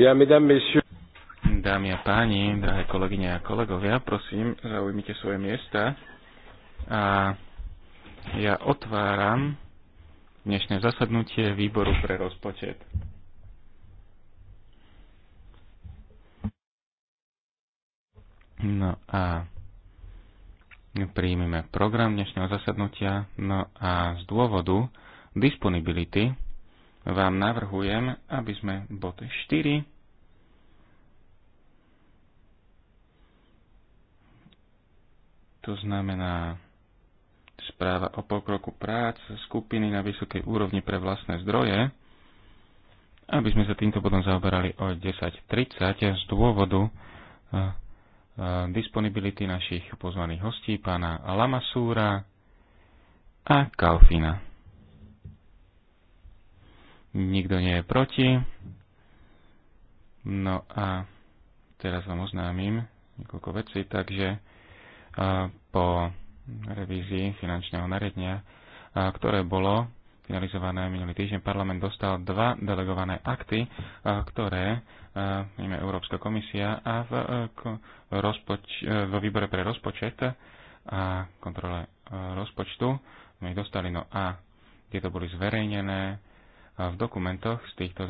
Bien, mesdames, messieurs. Dámy a páni, drahé kolegyne a kolegovia, prosím, zaujmite svoje miesta. A ja otváram dnešné zasadnutie výboru pre rozpočet. No a príjmeme program dnešného zasadnutia. No a z dôvodu disponibility vám navrhujem, aby sme bod 4 To znamená správa o pokroku prác skupiny na vysokej úrovni pre vlastné zdroje, aby sme sa týmto potom zaoberali o 10.30 z dôvodu eh, eh, disponibility našich pozvaných hostí, pána Lamasúra a Kalfina. Nikto nie je proti. No a teraz vám oznámim niekoľko vecí, takže po revízii finančného nariadenia, ktoré bolo finalizované minulý týždeň, parlament dostal dva delegované akty, ktoré najmä Európska komisia a v, rozpoč- e, v výbore pre rozpočet a kontrole e, rozpočtu my dostali. No a tieto boli zverejnené v dokumentoch z týchto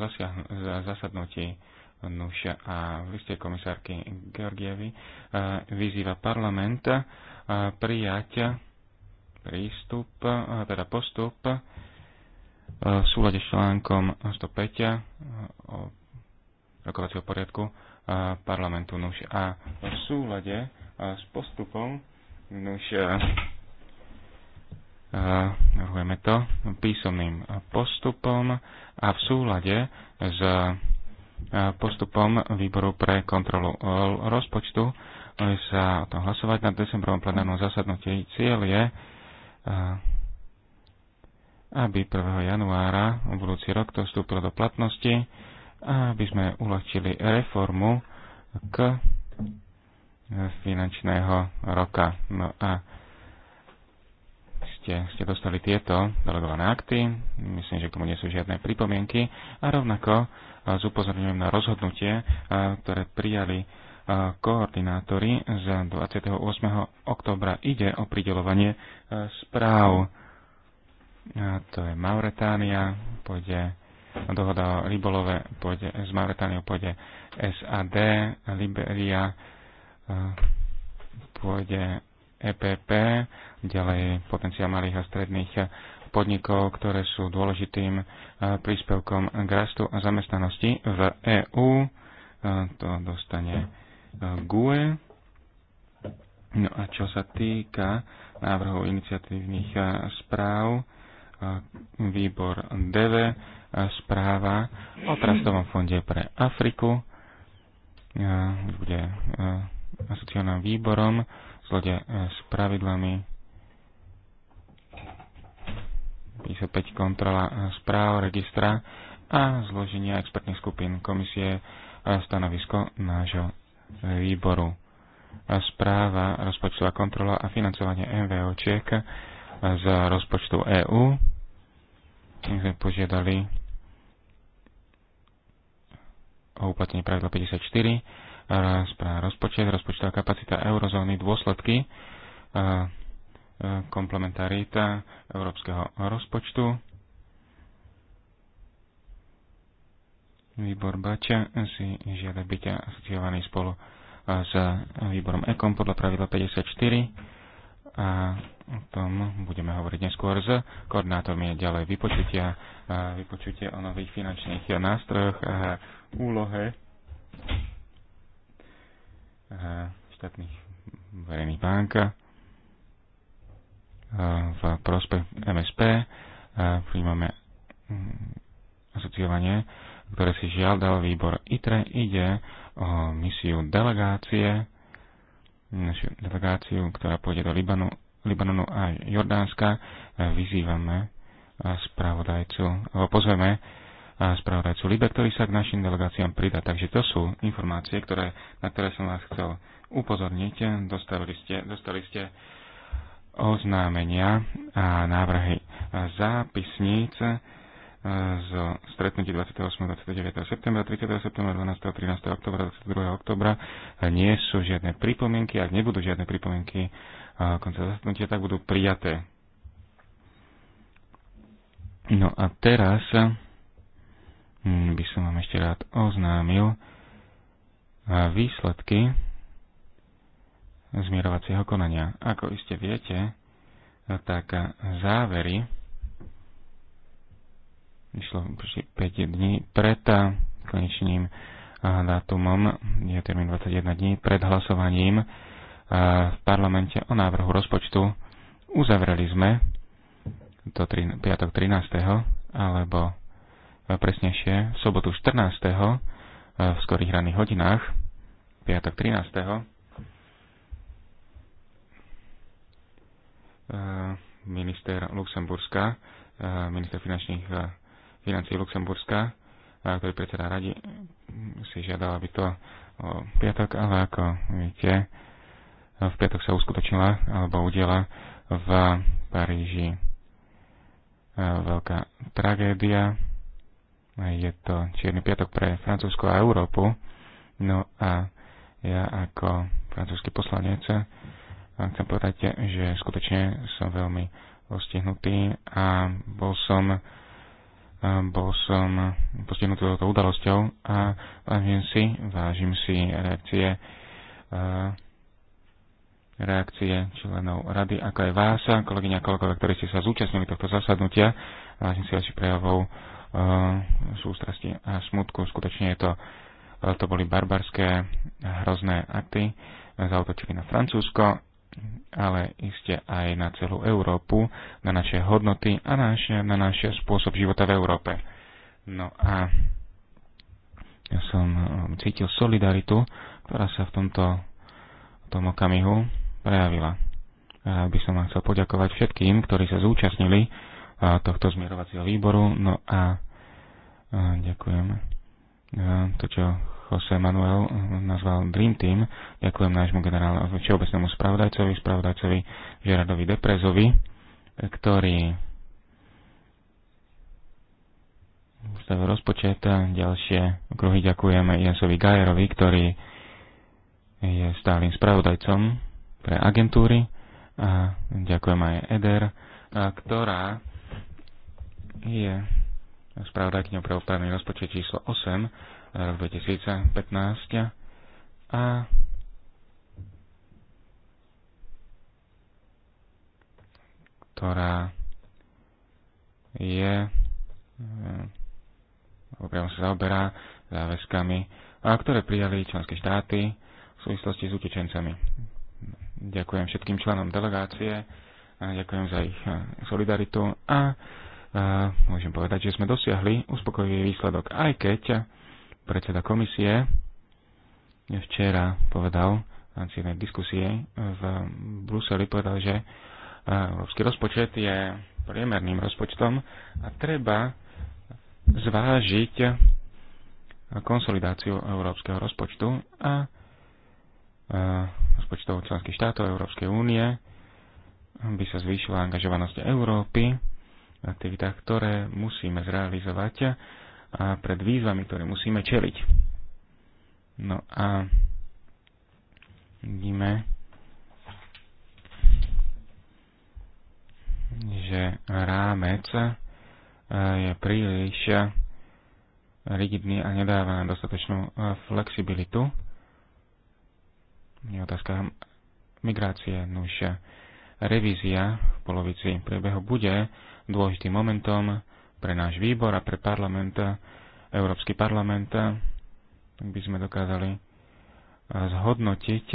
zasadnutí. Nuž a v liste komisárky Georgievi e, vyzýva parlament e, prijať prístup, e, teda postup v súlade s článkom 105 o rokovacieho poriadku parlamentu nuž a v súlade s postupom nuž navrhujeme to písomným postupom a v súlade s postupom výboru pre kontrolu rozpočtu sa o tom hlasovať na decembrovom plenárnom zasadnutí. Cieľ je, aby 1. januára budúci rok to vstúpilo do platnosti, aby sme uľahčili reformu k finančného roka. No a ste, ste dostali tieto delegované akty, myslím, že k tomu nie sú žiadne pripomienky a rovnako s upozorňujem na rozhodnutie, ktoré prijali koordinátori z 28. oktobra. Ide o pridelovanie správ. To je Mauretánia, pôjde dohoda o rybolove pôjde, z Mauretániou pôjde SAD, Liberia, pôjde EPP, ďalej potenciál malých a stredných podnikov, ktoré sú dôležitým e, príspevkom k rastu a zamestnanosti v EÚ. E, to dostane e, GUE. No a čo sa týka návrhov iniciatívnych správ, výbor DV, správa o Trastovom fonde pre Afriku, bude asociálnym výborom, slode s pravidlami 55 kontrola eh, správ, registra a zloženia expertných skupín komisie a stanovisko nášho výboru. Správa, rozpočtová kontrola a financovanie MVOčiek z rozpočtu EÚ. Tým sme požiadali o uplatnenie pravidla 54, správa rozpočet, rozpočtová kapacita eurozóny, dôsledky komplementarita európskeho rozpočtu. Výbor Bača si žiada byť asociovaný spolu s výborom EKOM podľa pravidla 54 a o tom budeme hovoriť neskôr s koordinátormi ďalej vypočutia, vypočutie o nových finančných nástrojoch a úlohe štátnych verejných bánka v prospech MSP. máme mm, asociovanie, ktoré si žiadal výbor ITRE. Ide o misiu delegácie, našu delegáciu, ktorá pôjde do Libanu, Libanonu a Jordánska. Vyzývame spravodajcu, alebo pozveme spravodajcu Libe, ktorý sa k našim delegáciám pridá. Takže to sú informácie, ktoré, na ktoré som vás chcel upozorniť. Dostali ste, dostali ste oznámenia a návrhy zápisníc e, z stretnutí 28. 29. septembra, 30. septembra, 12. 13. oktobra, 22. oktobra e, nie sú žiadne pripomienky. Ak nebudú žiadne pripomienky e, konca zastupnutia, tak budú prijaté. No a teraz by som vám ešte rád oznámil výsledky zmierovacieho konania. Ako iste viete, tak závery išlo 5 dní pred konečným eh, dátumom, je termín 21 dní, pred hlasovaním eh, v parlamente o návrhu rozpočtu uzavreli sme to piatok 13. alebo eh, presnejšie v sobotu 14. v skorých ranných hodinách piatok 13 Eh, minister Luxemburska, eh, minister finančných eh, financí Luxemburska, ktorý predseda radi mm, si žiadal, aby to o piatok, ale ako viete, v piatok sa uskutočnila alebo udiela v Paríži veľká tragédia. Je to čierny piatok pre Francúzsko a Európu. No a ja ako francúzsky poslanec chcem povedať, že skutočne som veľmi postihnutý a bol som bol som postihnutý touto udalosťou a vážim si, vážim si reakcie reakcie členov rady, ako aj vás, kolegyňa a kolegovia, ktorí ste sa zúčastnili tohto zasadnutia. Vážim si vašich prejavov sústrasti a smutku. Skutočne je to, to boli barbarské, hrozné akty. Zautočili na Francúzsko ale iste aj na celú Európu, na naše hodnoty a náš, na náš spôsob života v Európe. No a ja som eh, cítil solidaritu, ktorá sa v tomto v tom okamihu prejavila. A by som vám chcel poďakovať všetkým, ktorí sa zúčastnili eh, tohto zmierovacieho výboru. No a eh, ďakujem. To, čo Jose Manuel eh, nazval Dream Team. Ďakujem nášmu generálnemu všeobecnému spravodajcovi, spravodajcovi Žeradovi Deprezovi, ktorý ustavil rozpočet. Ďalšie kruhy ďakujeme Jensovi Gajerovi, ktorý je stálym spravodajcom pre agentúry. A ďakujem aj Eder, ktorá je spravodajkňou pre opravný rozpočet číslo 8 rok 2015 a ktorá je e, priamo sa zaoberá záväzkami, a ktoré prijali členské štáty v súvislosti s utečencami. Ďakujem všetkým členom delegácie, a ďakujem za ich e, solidaritu a, a e, môžem povedať, že sme dosiahli uspokojivý výsledok, aj keď predseda komisie včera povedal v rámci jednej diskusie v Bruseli, povedal, že eh, európsky rozpočet je priemerným rozpočtom a treba zvážiť konsolidáciu európskeho rozpočtu a eh, rozpočtov členských štátov Európskej únie, by sa zvýšila angažovanosť Európy v aktivitách, ktoré musíme zrealizovať a pred výzvami, ktoré musíme čeliť. No a vidíme, že rámec e, je príliš rigidný a nedáva nám dostatočnú e, flexibilitu. Je otázka migrácie, nuž revízia v polovici priebehu bude dôležitým momentom, pre náš výbor a pre parlament, Európsky parlament, tak by sme dokázali eh, zhodnotiť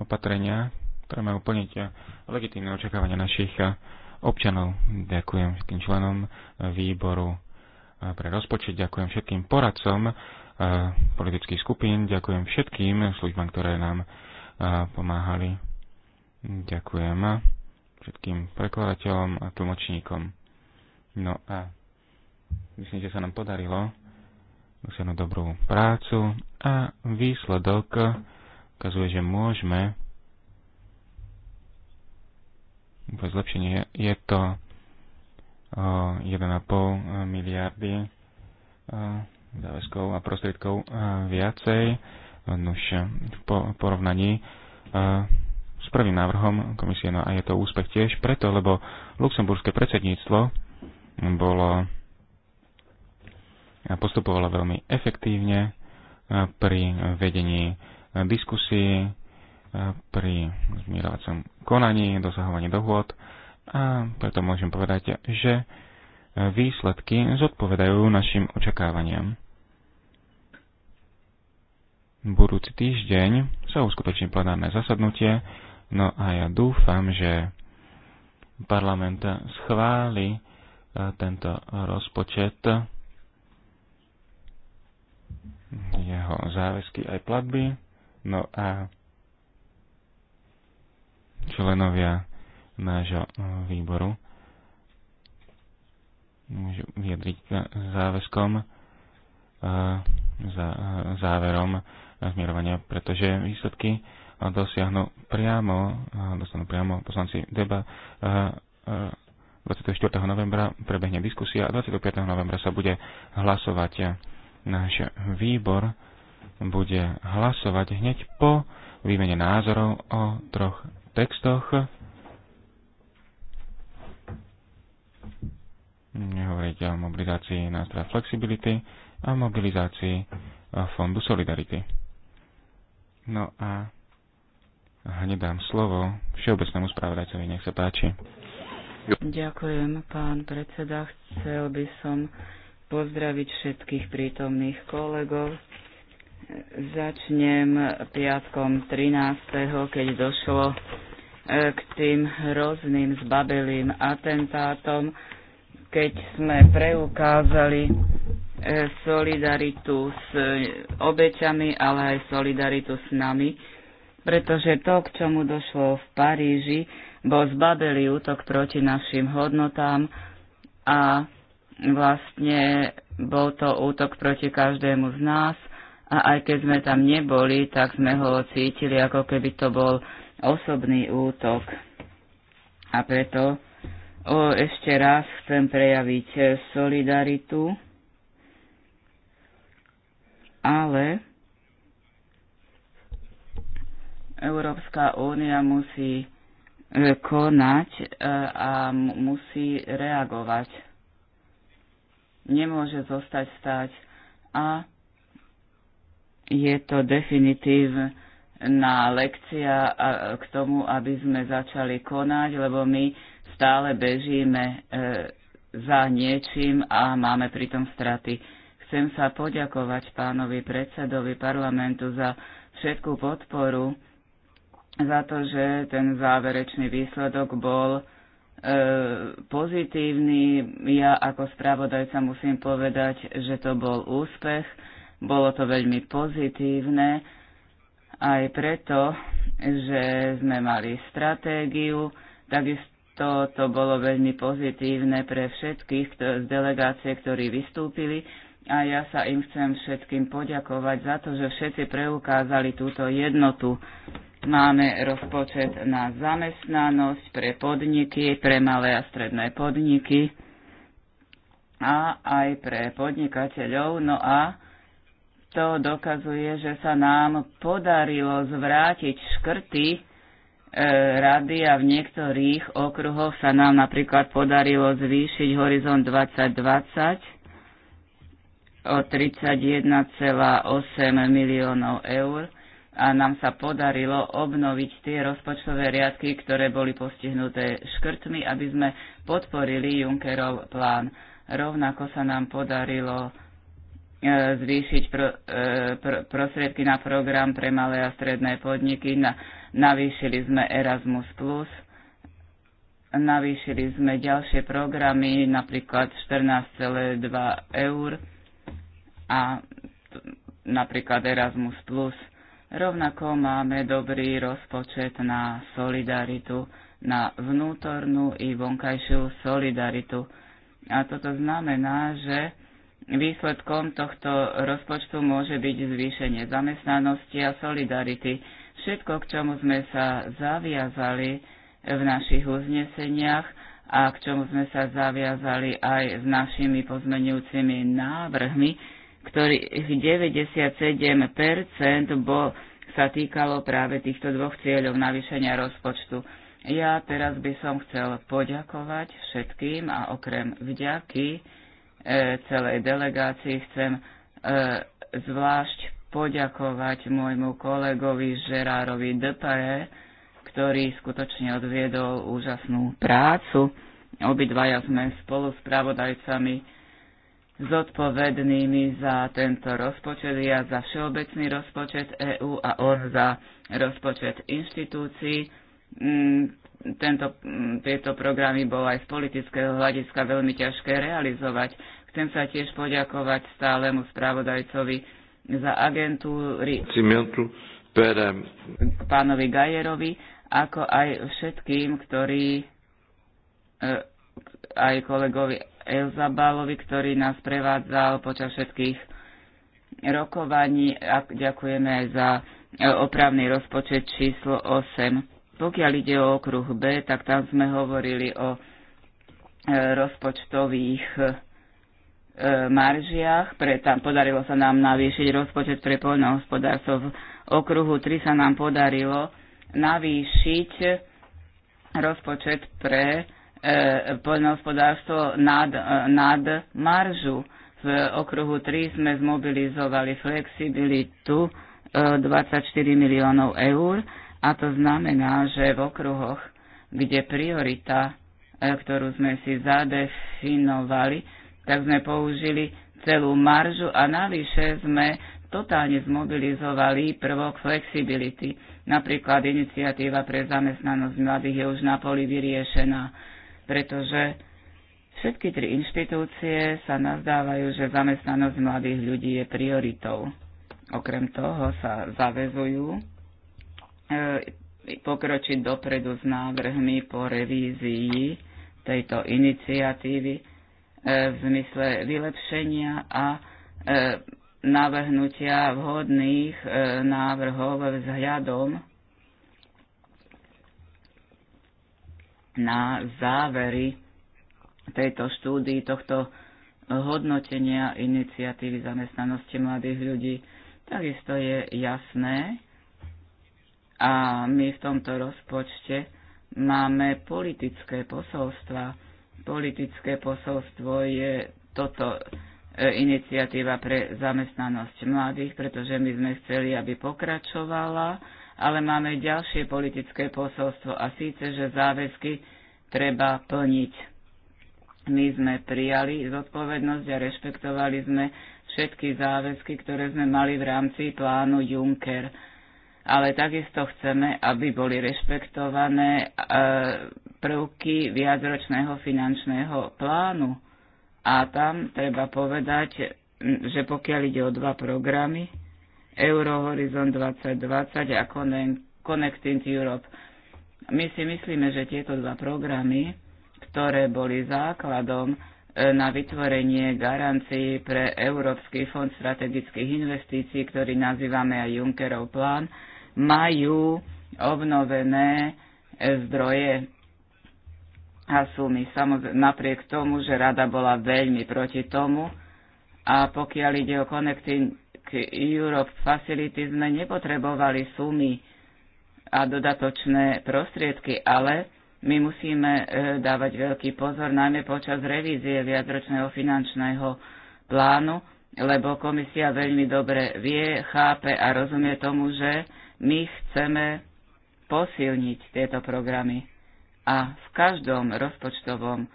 opatrenia, ktoré majú plniť eh, legitímne očakávania našich eh, občanov. Ďakujem všetkým členom výboru pre rozpočet, ďakujem všetkým poradcom politických skupín, ďakujem všetkým službám, ktoré nám pomáhali. Ďakujem všetkým prekladateľom a tlmočníkom. No a myslím, že sa nám podarilo dosiahnuť dobrú prácu a výsledok ukazuje, že môžeme zlepšenie je to 1,5 miliardy záväzkov a prostriedkov viacej, už v porovnaní s prvým návrhom komisie. No a je to úspech tiež preto, lebo luxemburské predsedníctvo bolo a postupovala veľmi efektívne e, pri vedení diskusí, e, pri zmierovacom konaní, dosahovaní dohôd a preto môžem povedať, že výsledky zodpovedajú našim očakávaniam. Budúci týždeň sa uskutoční plenárne zasadnutie, no a ja dúfam, že parlament schváli tento rozpočet, jeho záväzky aj platby. No a členovia nášho eh, výboru môžu vyjadriť záväzkom eh, za eh, záverom zmierovania, pretože výsledky dosiahnu priamo, dostanú priamo poslanci deba 24. novembra prebehne diskusia a 25. novembra sa bude hlasovať. Náš výbor bude hlasovať hneď po výmene názorov o troch textoch. Nehovoriť o mobilizácii nástroja flexibility a mobilizácii fondu solidarity. No a hneď dám slovo všeobecnému spravodajcovi, nech sa páči. Ďakujem, pán predseda. Chcel by som pozdraviť všetkých prítomných kolegov. Začnem piatkom 13., keď došlo e, k tým hrozným zbabelým atentátom, keď sme preukázali e, solidaritu s e, obeťami, ale aj solidaritu s nami, pretože to, k čomu došlo v Paríži, bol zbabelý útok proti našim hodnotám a vlastne bol to útok proti každému z nás a aj keď sme tam neboli, tak sme ho cítili, ako keby to bol osobný útok. A preto o, ešte raz chcem prejaviť solidaritu, ale Európska únia musí konať e, a musí reagovať. Nemôže zostať stať a je to definitívna lekcia k tomu, aby sme začali konať, lebo my stále bežíme e, za niečím a máme pritom straty. Chcem sa poďakovať pánovi predsedovi parlamentu za všetkú podporu, za to, že ten záverečný výsledok bol e, pozitívny. Ja ako spravodajca musím povedať, že to bol úspech, bolo to veľmi pozitívne, aj preto, že sme mali stratégiu, takisto to bolo veľmi pozitívne pre všetkých z delegácie, ktorí vystúpili a ja sa im chcem všetkým poďakovať za to, že všetci preukázali túto jednotu Máme rozpočet na zamestnanosť pre podniky, pre malé a stredné podniky a aj pre podnikateľov. No a to dokazuje, že sa nám podarilo zvrátiť škrty e, rady a v niektorých okruhoch sa nám napríklad podarilo zvýšiť horizont 2020 o 31,8 miliónov eur a nám sa podarilo obnoviť tie rozpočtové riadky, ktoré boli postihnuté škrtmi, aby sme podporili Junckerov plán. Rovnako sa nám podarilo e, zvýšiť e, pro, prostriedky na program pre malé a stredné podniky. Na, navýšili sme Erasmus+, navýšili sme ďalšie programy, napríklad 14,2 eur a napríklad Erasmus+. Rovnako máme dobrý rozpočet na solidaritu, na vnútornú i vonkajšiu solidaritu. A toto znamená, že výsledkom tohto rozpočtu môže byť zvýšenie zamestnanosti a solidarity. Všetko, k čomu sme sa zaviazali v našich uzneseniach a k čomu sme sa zaviazali aj s našimi pozmenujúcimi návrhmi, ktorých 97% bol, sa týkalo práve týchto dvoch cieľov navýšenia rozpočtu. Ja teraz by som chcel poďakovať všetkým a okrem vďaky e, celej delegácii chcem e, zvlášť poďakovať môjmu kolegovi Žerárovi Depare, ktorý skutočne odviedol úžasnú prácu. Obidvaja sme spolu s pravodajcami zodpovednými za tento rozpočet, ja za všeobecný rozpočet EÚ a on za rozpočet inštitúcií. Mm, tento, mm, tieto programy bolo aj z politického hľadiska veľmi ťažké realizovať. Chcem sa tiež poďakovať stálemu správodajcovi za agentúry eh, pánovi Gajerovi, ako aj všetkým, ktorí eh, aj kolegovi Elzabálovi, ktorý nás prevádzal počas všetkých rokovaní a ďakujeme aj za e, opravný rozpočet číslo 8. Pokiaľ ide o okruh B, tak tam sme hovorili o e, rozpočtových e, maržiach. Pre, tam podarilo sa nám navýšiť rozpočet pre poľnohospodárstvo. V okruhu 3 sa nám podarilo navýšiť rozpočet pre E, poľnohospodárstvo nad, e, nad maržu. V okruhu 3 sme zmobilizovali flexibilitu 24 e, miliónov eur a to znamená, že v okruhoch, kde priorita, ktorú sme si zadefinovali, tak sme použili celú maržu a navyše sme totálne zmobilizovali prvok flexibility. Napríklad iniciatíva pre zamestnanosť mladých je už na poli vyriešená pretože všetky tri inštitúcie sa nazdávajú, že zamestnanosť mladých ľudí je prioritou. Okrem toho sa zavezujú e, pokročiť dopredu s návrhmi po revízii tejto iniciatívy e, v zmysle vylepšenia a e, navrhnutia vhodných návrhov vzhľadom na závery tejto štúdii, tohto hodnotenia iniciatívy zamestnanosti mladých ľudí. Takisto je jasné, a my v tomto rozpočte máme politické posolstva. Politické posolstvo je toto e, iniciatíva pre zamestnanosť mladých, pretože my sme chceli, aby pokračovala ale máme ďalšie politické posolstvo a síce, že záväzky treba plniť. My sme prijali zodpovednosť a rešpektovali sme všetky záväzky, ktoré sme mali v rámci plánu Juncker. Ale takisto chceme, aby boli rešpektované e, prvky viacročného finančného plánu. A tam treba povedať, že pokiaľ ide o dva programy, Eurohorizon 2020 a Connecting Europe. My si myslíme, že tieto dva programy, ktoré boli základom e, na vytvorenie garancií pre Európsky fond strategických investícií, ktorý nazývame aj Junckerov plán, majú obnovené e, zdroje a sumy. Samozrejme, napriek tomu, že rada bola veľmi proti tomu a pokiaľ ide o Connecting Europe Facility sme nepotrebovali sumy a dodatočné prostriedky, ale my musíme e, dávať veľký pozor, najmä počas revízie viacročného finančného plánu, lebo komisia veľmi dobre vie, chápe a rozumie tomu, že my chceme posilniť tieto programy. A v každom rozpočtovom e,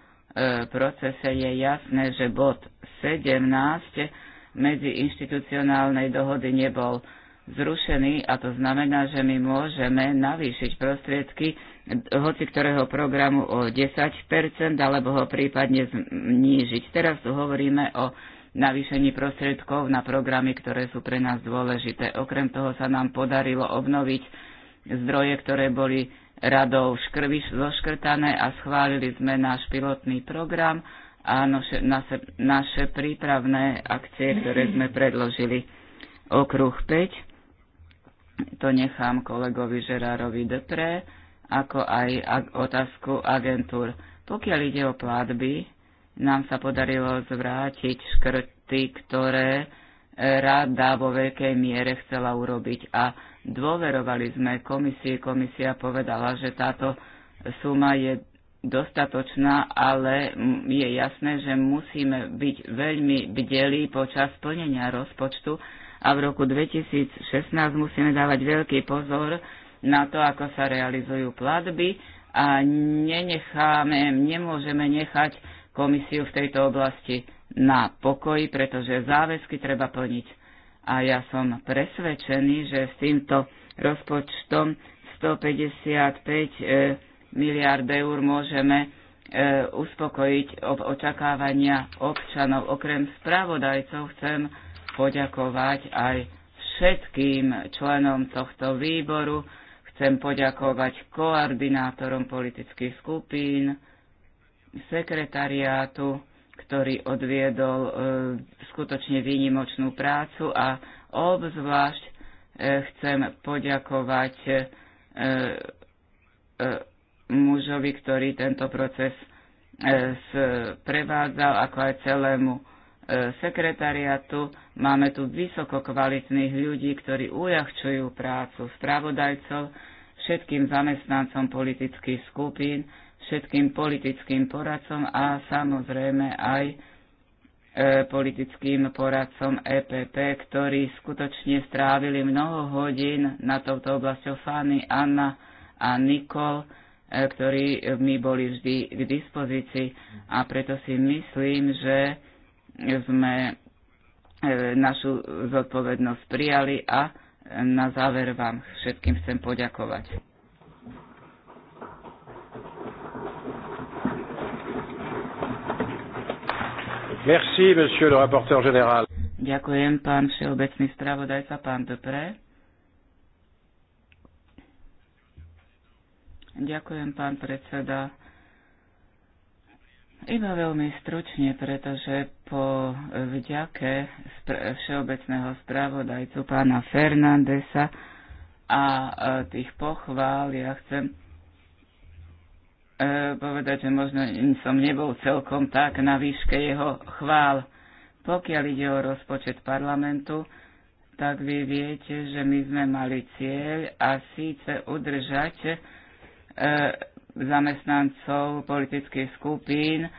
procese je jasné, že bod 17 medziinštitucionálnej dohody nebol zrušený a to znamená, že my môžeme navýšiť prostriedky hoci ktorého programu o 10% alebo ho prípadne znížiť. Teraz tu hovoríme o navýšení prostriedkov na programy, ktoré sú pre nás dôležité. Okrem toho sa nám podarilo obnoviť zdroje, ktoré boli radou škrviš zoškrtané a schválili sme náš pilotný program a naše, naše, naše prípravné akcie, ktoré sme predložili. Okruh 5, to nechám kolegovi Žerárovi Depre, ako aj otázku agentúr. Pokiaľ ide o platby, nám sa podarilo zvrátiť škrty, ktoré e, rada vo veľkej miere chcela urobiť a dôverovali sme komisii. Komisia povedala, že táto suma je dostatočná, ale je jasné, že musíme byť veľmi bdelí počas plnenia rozpočtu a v roku 2016 musíme dávať veľký pozor na to, ako sa realizujú platby a nenecháme, nemôžeme nechať komisiu v tejto oblasti na pokoji, pretože záväzky treba plniť. A ja som presvedčený, že s týmto rozpočtom 155 e, miliard eur môžeme e, uspokojiť očakávania občanov. Okrem spravodajcov chcem poďakovať aj všetkým členom tohto výboru. Chcem poďakovať koordinátorom politických skupín, sekretariátu, ktorý odviedol e, skutočne výnimočnú prácu a obzvlášť e, chcem poďakovať e, e, mužovi, ktorý tento proces e, prevádzal, ako aj celému e, sekretariatu. Máme tu vysoko kvalitných ľudí, ktorí uľahčujú prácu spravodajcov, všetkým zamestnancom politických skupín, všetkým politickým poradcom a samozrejme aj e, politickým poradcom EPP, ktorí skutočne strávili mnoho hodín na touto oblasťou Fanny, Anna a Nikol E, ktorí mi boli vždy k dispozícii a preto si myslím, že sme e, našu zodpovednosť prijali a na záver vám všetkým chcem poďakovať. Merci, monsieur le rapporteur général. Ďakujem, pán všeobecný spravodajca, pán Dupré. Ďakujem, pán predseda. Iba veľmi stručne, pretože po vďake všeobecného správodajcu pána Fernandesa a tých pochvál ja chcem e, povedať, že možno som nebol celkom tak na výške jeho chvál. Pokiaľ ide o rozpočet parlamentu, tak vy viete, že my sme mali cieľ a síce udržať E, zamestnancov politických skupín e,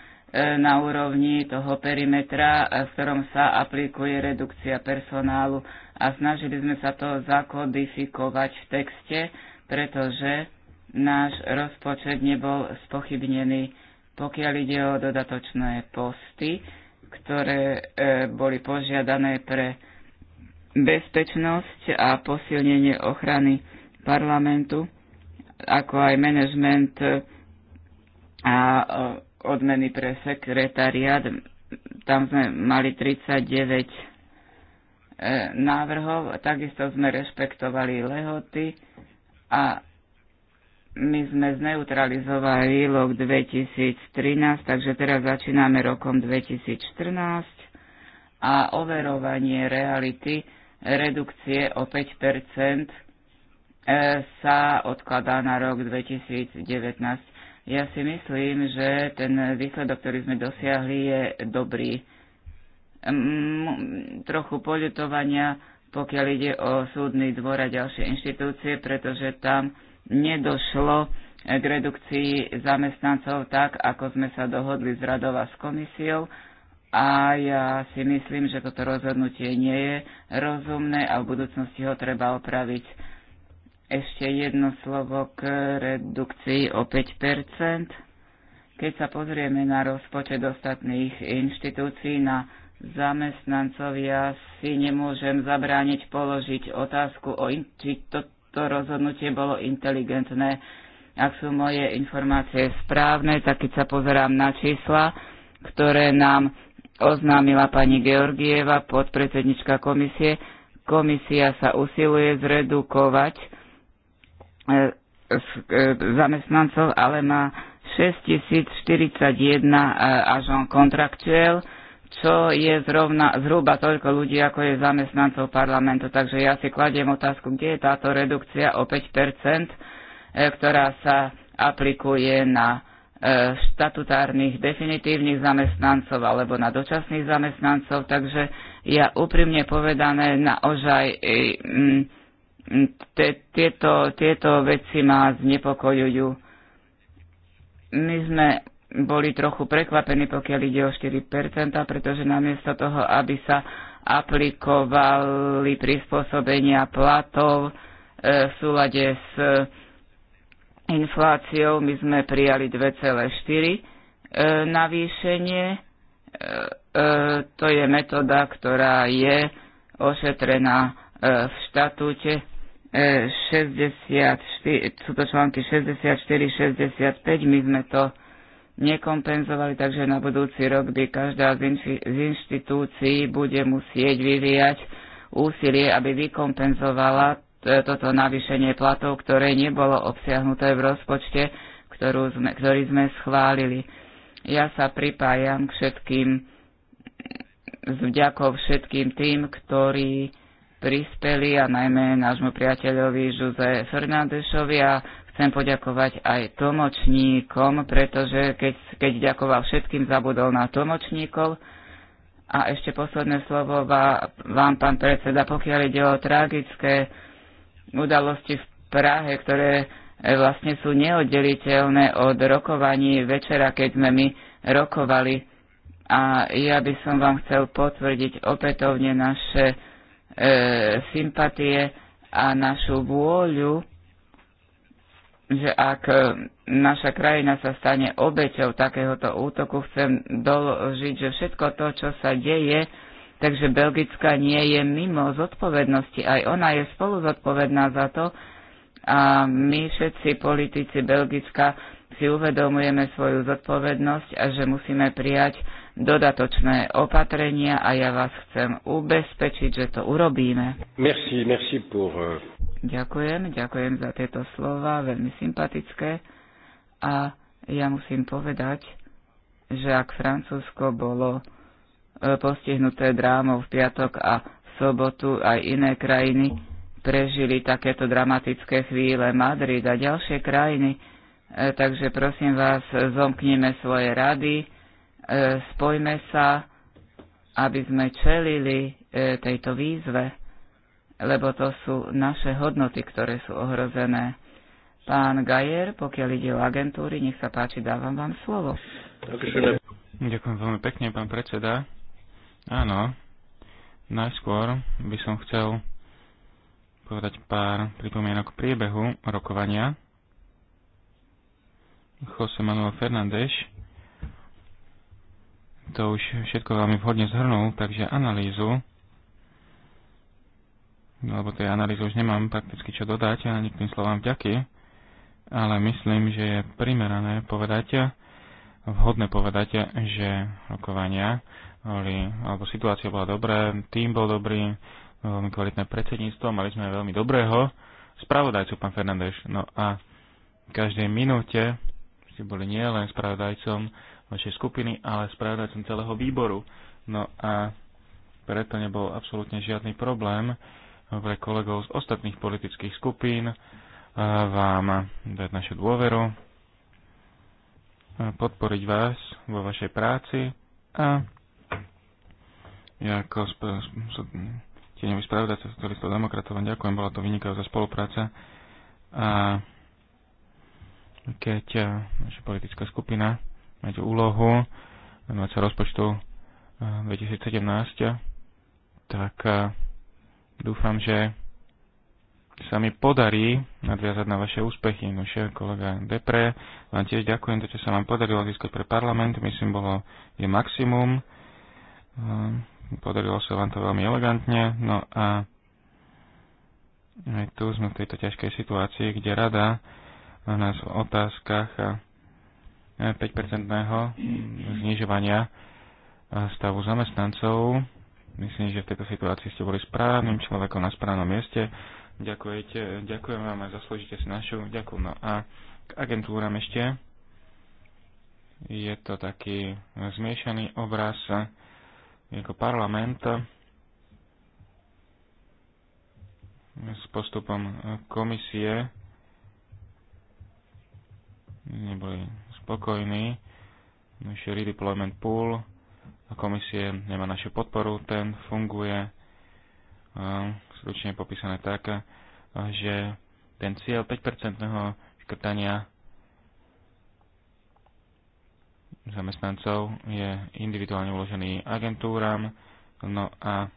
na úrovni toho perimetra, e, v ktorom sa aplikuje redukcia personálu. A snažili sme sa to zakodifikovať v texte, pretože náš rozpočet nebol spochybnený, pokiaľ ide o dodatočné posty, ktoré boli požiadané pre bezpečnosť a posilnenie ochrany parlamentu ako aj management e, a e, odmeny pre sekretariat. Tam sme mali 39 e, návrhov, takisto sme rešpektovali lehoty a my sme zneutralizovali rok 2013, takže teraz začíname rokom 2014 a overovanie reality redukcie o 5 E, sa odkladá na rok 2019. Ja si myslím, že ten výsledok, ktorý sme dosiahli, je dobrý. Trochu poľutovania, pokiaľ ide o súdny dvor a ďalšie inštitúcie, pretože tam nedošlo k redukcii zamestnancov tak, ako sme sa dohodli z radova s komisiou a ja si myslím, že toto rozhodnutie nie je rozumné a v budúcnosti ho treba opraviť. Ešte jedno slovo k redukcii o 5 Keď sa pozrieme na rozpočet ostatných inštitúcií na zamestnancovia si nemôžem zabrániť položiť otázku, o in- či toto rozhodnutie bolo inteligentné. Ak sú moje informácie správne, tak keď sa pozerám na čísla, ktoré nám oznámila pani Georgieva, podpredsednička komisie, komisia sa usiluje zredukovať E, e, zamestnancov, ale má 6041 e, agent kontraktuel, čo je zrovna, zhruba toľko ľudí, ako je zamestnancov parlamentu. Takže ja si kladiem otázku, kde je táto redukcia o 5%, ktorá sa aplikuje na štatutárnych definitívnych zamestnancov alebo na dočasných zamestnancov. Takže ja úprimne povedané naozaj... Mm, te, tieto, tieto veci ma znepokojujú. My sme boli trochu prekvapení, pokiaľ ide o 4%, pretože namiesto toho, aby sa aplikovali prispôsobenia platov e, v súlade s infláciou, my sme prijali 2,4 e, navýšenie. E, e, to je metóda, ktorá je ošetrená e, v štatúte 64, e, sú to články 64-65, my sme to nekompenzovali, takže na budúci rok by každá z, inši, z inštitúcií bude musieť vyvíjať úsilie, aby vykompenzovala e, toto navýšenie platov, ktoré nebolo obsiahnuté v rozpočte, ktorú sme, ktorý sme schválili. Ja sa pripájam k všetkým, s e, vďakou všetkým tým, ktorí prispeli a najmä nášmu priateľovi Žuze Fernandešovi a chcem poďakovať aj tlmočníkom, pretože keď, keď ďakoval všetkým, zabudol na tlmočníkov. A ešte posledné slovo vám, pán predseda, pokiaľ ide o tragické udalosti v Prahe, ktoré e, vlastne sú neoddeliteľné od rokovaní večera, keď sme my rokovali. A ja by som vám chcel potvrdiť opätovne naše E, sympatie a našu vôľu, že ak naša krajina sa stane obeťou takéhoto útoku, chcem doložiť, že všetko to, čo sa deje, takže Belgická nie je mimo zodpovednosti. Aj ona je spolu zodpovedná za to a my všetci politici Belgická si uvedomujeme svoju zodpovednosť a že musíme prijať dodatočné opatrenia a ja vás chcem ubezpečiť, že to urobíme. Merci, merci pour... Euh, ďakujem, ďakujem za tieto slova, veľmi sympatické. A ja musím povedať, že ak Francúzsko bolo e, postihnuté drámou v piatok a v sobotu, aj iné krajiny prežili takéto dramatické chvíle, Madrid a ďalšie krajiny, e, takže prosím vás, zomknime svoje rady, E, spojme sa, aby sme čelili e, tejto výzve, lebo to sú naše hodnoty, ktoré sú ohrozené. Pán Gajer, pokiaľ ide o agentúry, nech sa páči, dávam vám slovo. Ďakujem veľmi pekne, pán predseda. Áno, najskôr by som chcel povedať pár pripomienok priebehu rokovania. Jose Manuel Fernández to už všetko veľmi vhodne zhrnul, takže analýzu, no, lebo tej analýzu už nemám prakticky čo dodať, ani k tým slovám vďaky, ale myslím, že je primerané povedať, vhodné povedať, že rokovania boli, alebo situácia bola dobrá, tým bol dobrý, veľmi kvalitné predsedníctvo, mali sme veľmi dobrého spravodajcu, pán Fernández. No a v každej minúte ste boli nielen spravodajcom, vašej skupiny, ale spravodajcom celého výboru. No a preto nebol absolútne žiadny problém pre kolegov z ostatných politických skupín vám dať našu dôveru, podporiť vás vo vašej práci a ja ako tieňový spravodajca socialistov demokratov vám ďakujem, bola to vynikajúca spolupráca a keď naša politická skupina mať úlohu venovať sa rozpočtu 2017, eh, tak eh, dúfam, že sa mi podarí nadviazať na vaše úspechy. nože eh, kolega Depre, vám tiež ďakujem, to, čo sa vám podarilo získať pre parlament, myslím, bolo je maximum. Podarilo sa vám to veľmi elegantne. No a aj tu sme v tejto ťažkej situácii, kde rada nás v otázkach 5-percentného znižovania eh, stavu zamestnancov. Myslím, že v tejto situácii ste boli správnym človekom na správnom mieste. Ďakujete, ďakujem vám a zaslúžite si našu ďakujem. No a k agentúram ešte. Je to taký zmiešaný obraz eh, ako parlament eh, s postupom komisie neboli spokojní. Naše redeployment pool a komisie nemá našu podporu, ten funguje slučne popísané tak, že ten cieľ 5 škrtania zamestnancov je individuálne uložený agentúram, no a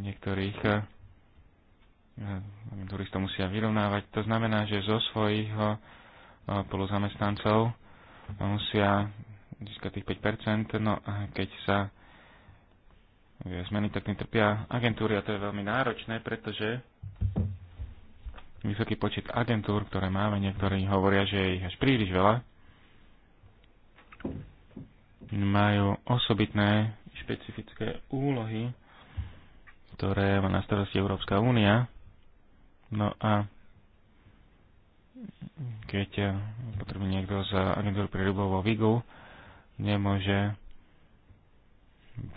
niektorých to musia vyrovnávať. To znamená, že zo svojich e, polozamestnancov e, musia získať tých 5%, no a keď sa zmeny, tak tým trpia agentúry a to je veľmi náročné, pretože vysoký počet agentúr, ktoré máme, niektorí hovoria, že je ich až príliš veľa, majú osobitné špecifické úlohy, ktoré má na starosti Európska únia No a keď potrebuje niekto z agentúru pre rybov vo Vigu, nemôže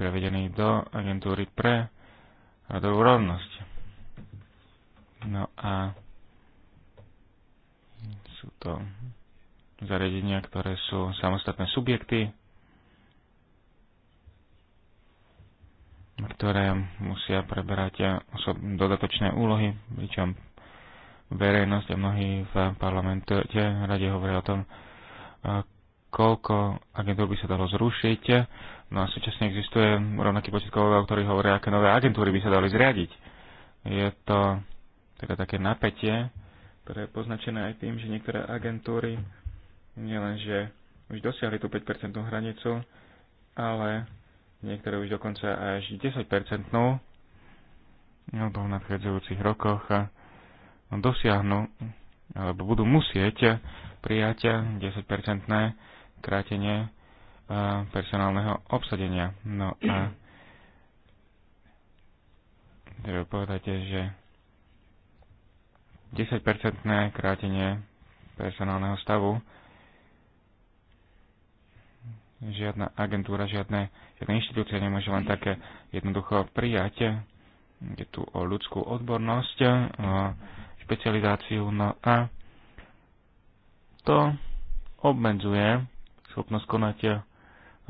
prevedený do agentúry pre radovú rovnosť. No a sú to zariadenia, ktoré sú samostatné subjekty, ktoré musia preberať dodatočné úlohy, pričom verejnosť a mnohí v parlamente rade hovoria o tom, koľko agentúr by sa dalo zrušiť. No a súčasne existuje rovnaký počet kolegov, ktorí hovoria, aké nové agentúry by sa dali zriadiť. Je to teda také napätie, ktoré je poznačené aj tým, že niektoré agentúry nielenže už dosiahli tú 5% hranicu, ale niektoré už dokonca až 10% alebo no, v nadchádzajúcich rokoch. A dosiahnu alebo budú musieť prijať 10-percentné krátenie e, personálneho obsadenia. No a treba povedať, že 10-percentné krátenie personálneho stavu žiadna agentúra, žiadne, žiadna inštitúcia nemôže len také jednoducho prijať. Je tu o ľudskú odbornosť, o špecializáciu. No a to obmedzuje schopnosť konať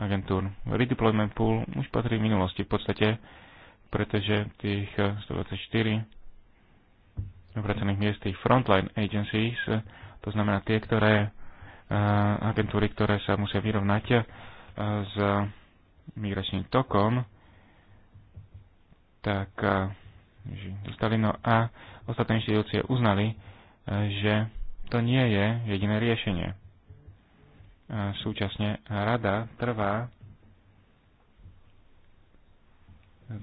agentúr. Redeployment pool už patrí v minulosti v podstate, pretože tých 124 obracených miest tých frontline agencies, to znamená tie, ktoré eh, agentúry, ktoré sa musia vyrovnať eh, s migračným tokom, tak eh, dostali no a ostatné inštitúcie uznali, e, že to nie je jediné riešenie. E, súčasne rada trvá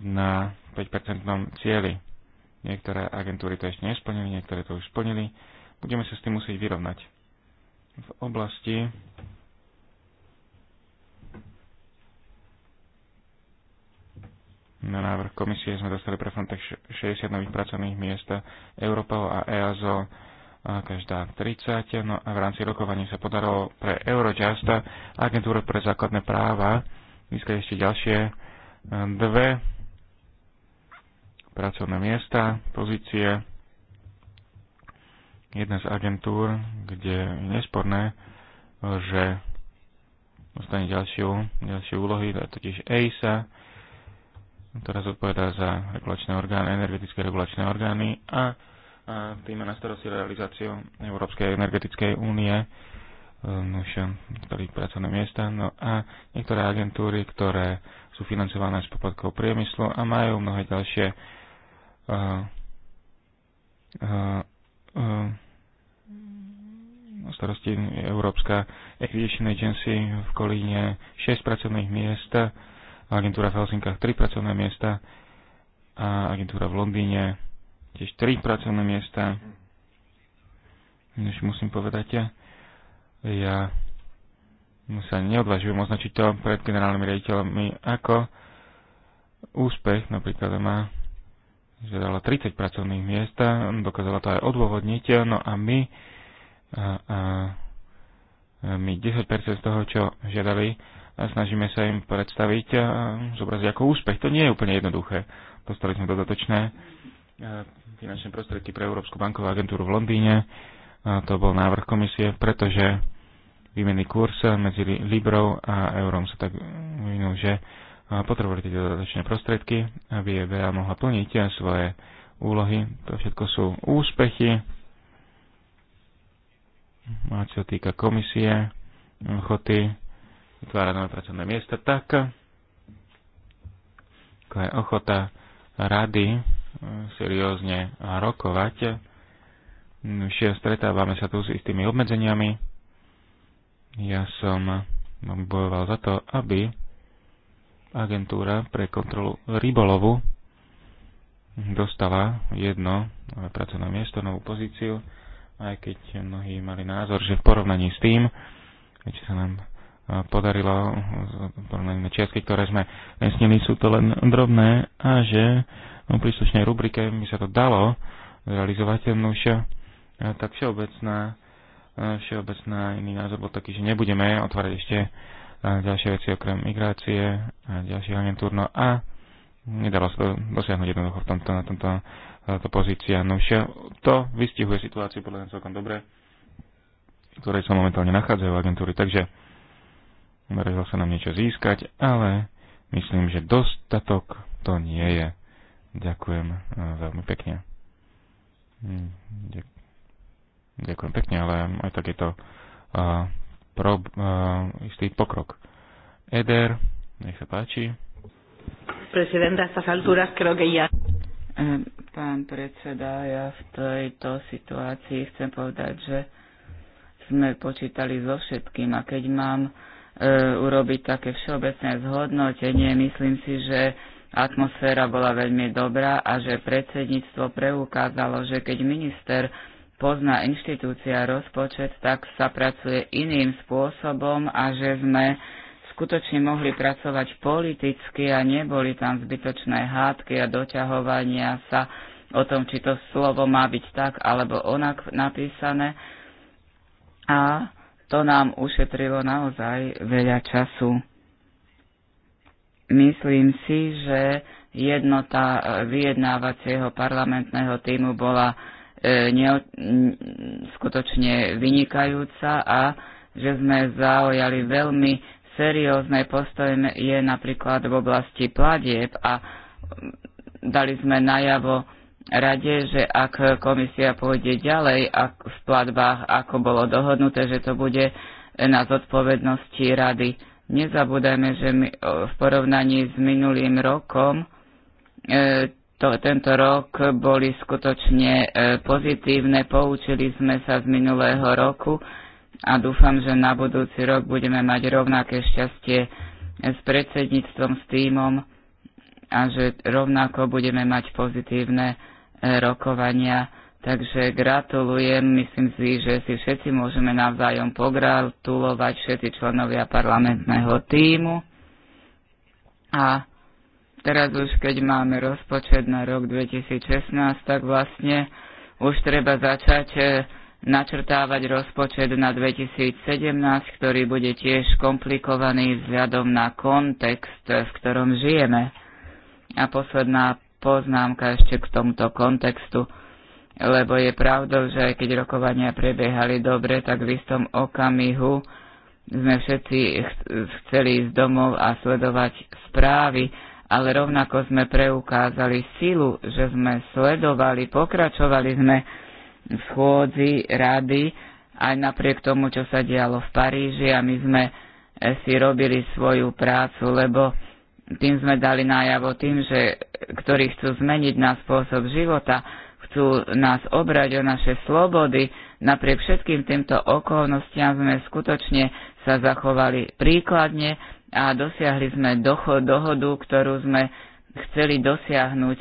na 5-percentnom cieli. Niektoré agentúry to ešte nesplnili, niektoré to už splnili. Budeme sa s tým musieť vyrovnať. V oblasti Na návrh komisie sme dostali pre Frontex 60 nových pracovných miest Europol a EASO každá 30. No a v rámci rokovania sa podarilo pre Eurojust a agentúru pre základné práva získať ešte ďalšie e, dve pracovné miesta, pozície. Jedna z agentúr, kde je nesporné, že dostane ďalšiu, ďalšie úlohy, totiž EISA, ktorá zodpovedá za regulačné orgány, energetické regulačné orgány a, a tým na starosti realizáciu Európskej energetickej únie, um, už ktorých um, pracovné miesta, no a niektoré agentúry, ktoré sú financované z poplatkov priemyslu a majú mnohé ďalšie uh, uh, uh, starosti Európska Aviation Agency v Kolíne 6 pracovných miest, agentúra v Helsinkách 3 pracovné miesta a agentúra v Londýne tiež 3 pracovné miesta. Než musím povedať, ja, ja sa neodvážujem označiť to pred generálnymi riaditeľmi ako úspech. Napríklad má žiadala 30 pracovných miest, dokázala to aj odôvodniť, no a my, a, a, my 10% z toho, čo žiadali, snažíme sa im predstaviť a zobraziť ako úspech. To nie je úplne jednoduché. Dostali sme dodatočné e, finančné prostriedky pre Európsku bankovú agentúru v Londýne. A to bol návrh komisie, pretože výmenný kurz medzi Librou a eurom sa tak vyvinul, že e, potrebovali tie dodatočné prostriedky, aby EBA mohla plniť e, svoje úlohy. To všetko sú úspechy. A čo týka komisie, ochoty vytvára nové pracovné miesta, tak ako je ochota rady eh, seriózne rokovať. Všetko stretávame sa tu s istými obmedzeniami. Ja som bojoval za to, aby agentúra pre kontrolu rybolovu dostala jedno pracovné miesto, novú pozíciu, aj keď mnohí mali názor, že v porovnaní s tým, keď sa nám podarilo, porovnajme čiastky, ktoré sme nesnili, sú to len drobné a že v príslušnej rubrike by sa to dalo realizovať, no už tak všeobecná, všeobecná iný názor bol taký, že nebudeme otvárať ešte ďalšie veci okrem migrácie a ďalších agentúr, no a nedalo sa to dosiahnuť jednoducho v tomto, na tomto táto pozícia. No už to vystihuje situáciu podľa mňa celkom dobre, ktoré ktorej sa momentálne nachádzajú agentúry. Takže Darilo sa nám niečo získať, ale myslím, že dostatok to nie je. Ďakujem e, veľmi pekne. Hm, ďakujem pekne, ale aj tak je to uh, prob, uh, istý pokrok. Eder, nech sa páči. Pán predseda, ja v tejto situácii chcem povedať, že sme počítali so všetkým a keď mám uh, E, urobiť také všeobecné zhodnotenie. Myslím si, že atmosféra bola veľmi dobrá a že predsedníctvo preukázalo, že keď minister pozná inštitúcia rozpočet, tak sa pracuje iným spôsobom a že sme skutočne mohli pracovať politicky a neboli tam zbytočné hádky a doťahovania sa o tom, či to slovo má byť tak alebo onak napísané. A to nám ušetrilo naozaj veľa času. Myslím si, že jednota e, vyjednávacieho parlamentného týmu bola e, neo- skutočne vynikajúca a že sme zaujali veľmi seriózne postoje je napríklad v oblasti platieb a dali sme najavo rade, že ak komisia pôjde ďalej ak v platbách, ako bolo dohodnuté, že to bude na zodpovednosti rady. Nezabúdajme, že my, v porovnaní s minulým rokom e, to, tento rok boli skutočne e, pozitívne, poučili sme sa z minulého roku a dúfam, že na budúci rok budeme mať rovnaké šťastie s predsedníctvom, s týmom a že rovnako budeme mať pozitívne rokovania. Takže gratulujem, myslím si, že si všetci môžeme navzájom pogratulovať, všetci členovia parlamentného týmu. A teraz už, keď máme rozpočet na rok 2016, tak vlastne už treba začať e, načrtávať rozpočet na 2017, ktorý bude tiež komplikovaný vzhľadom na kontext, v ktorom žijeme. A posledná poznámka ešte k tomuto kontextu, lebo je pravdou, že aj keď rokovania prebiehali dobre, tak v istom okamihu sme všetci chceli ísť domov a sledovať správy, ale rovnako sme preukázali silu, že sme sledovali, pokračovali sme v schôdzi rady, aj napriek tomu, čo sa dialo v Paríži a my sme eh, si robili svoju prácu, lebo tým sme dali najavo tým, že ktorí chcú zmeniť náš spôsob života, chcú nás obrať o naše slobody. Napriek všetkým týmto okolnostiam sme skutočne sa zachovali príkladne a dosiahli sme dohodu, ktorú sme chceli dosiahnuť.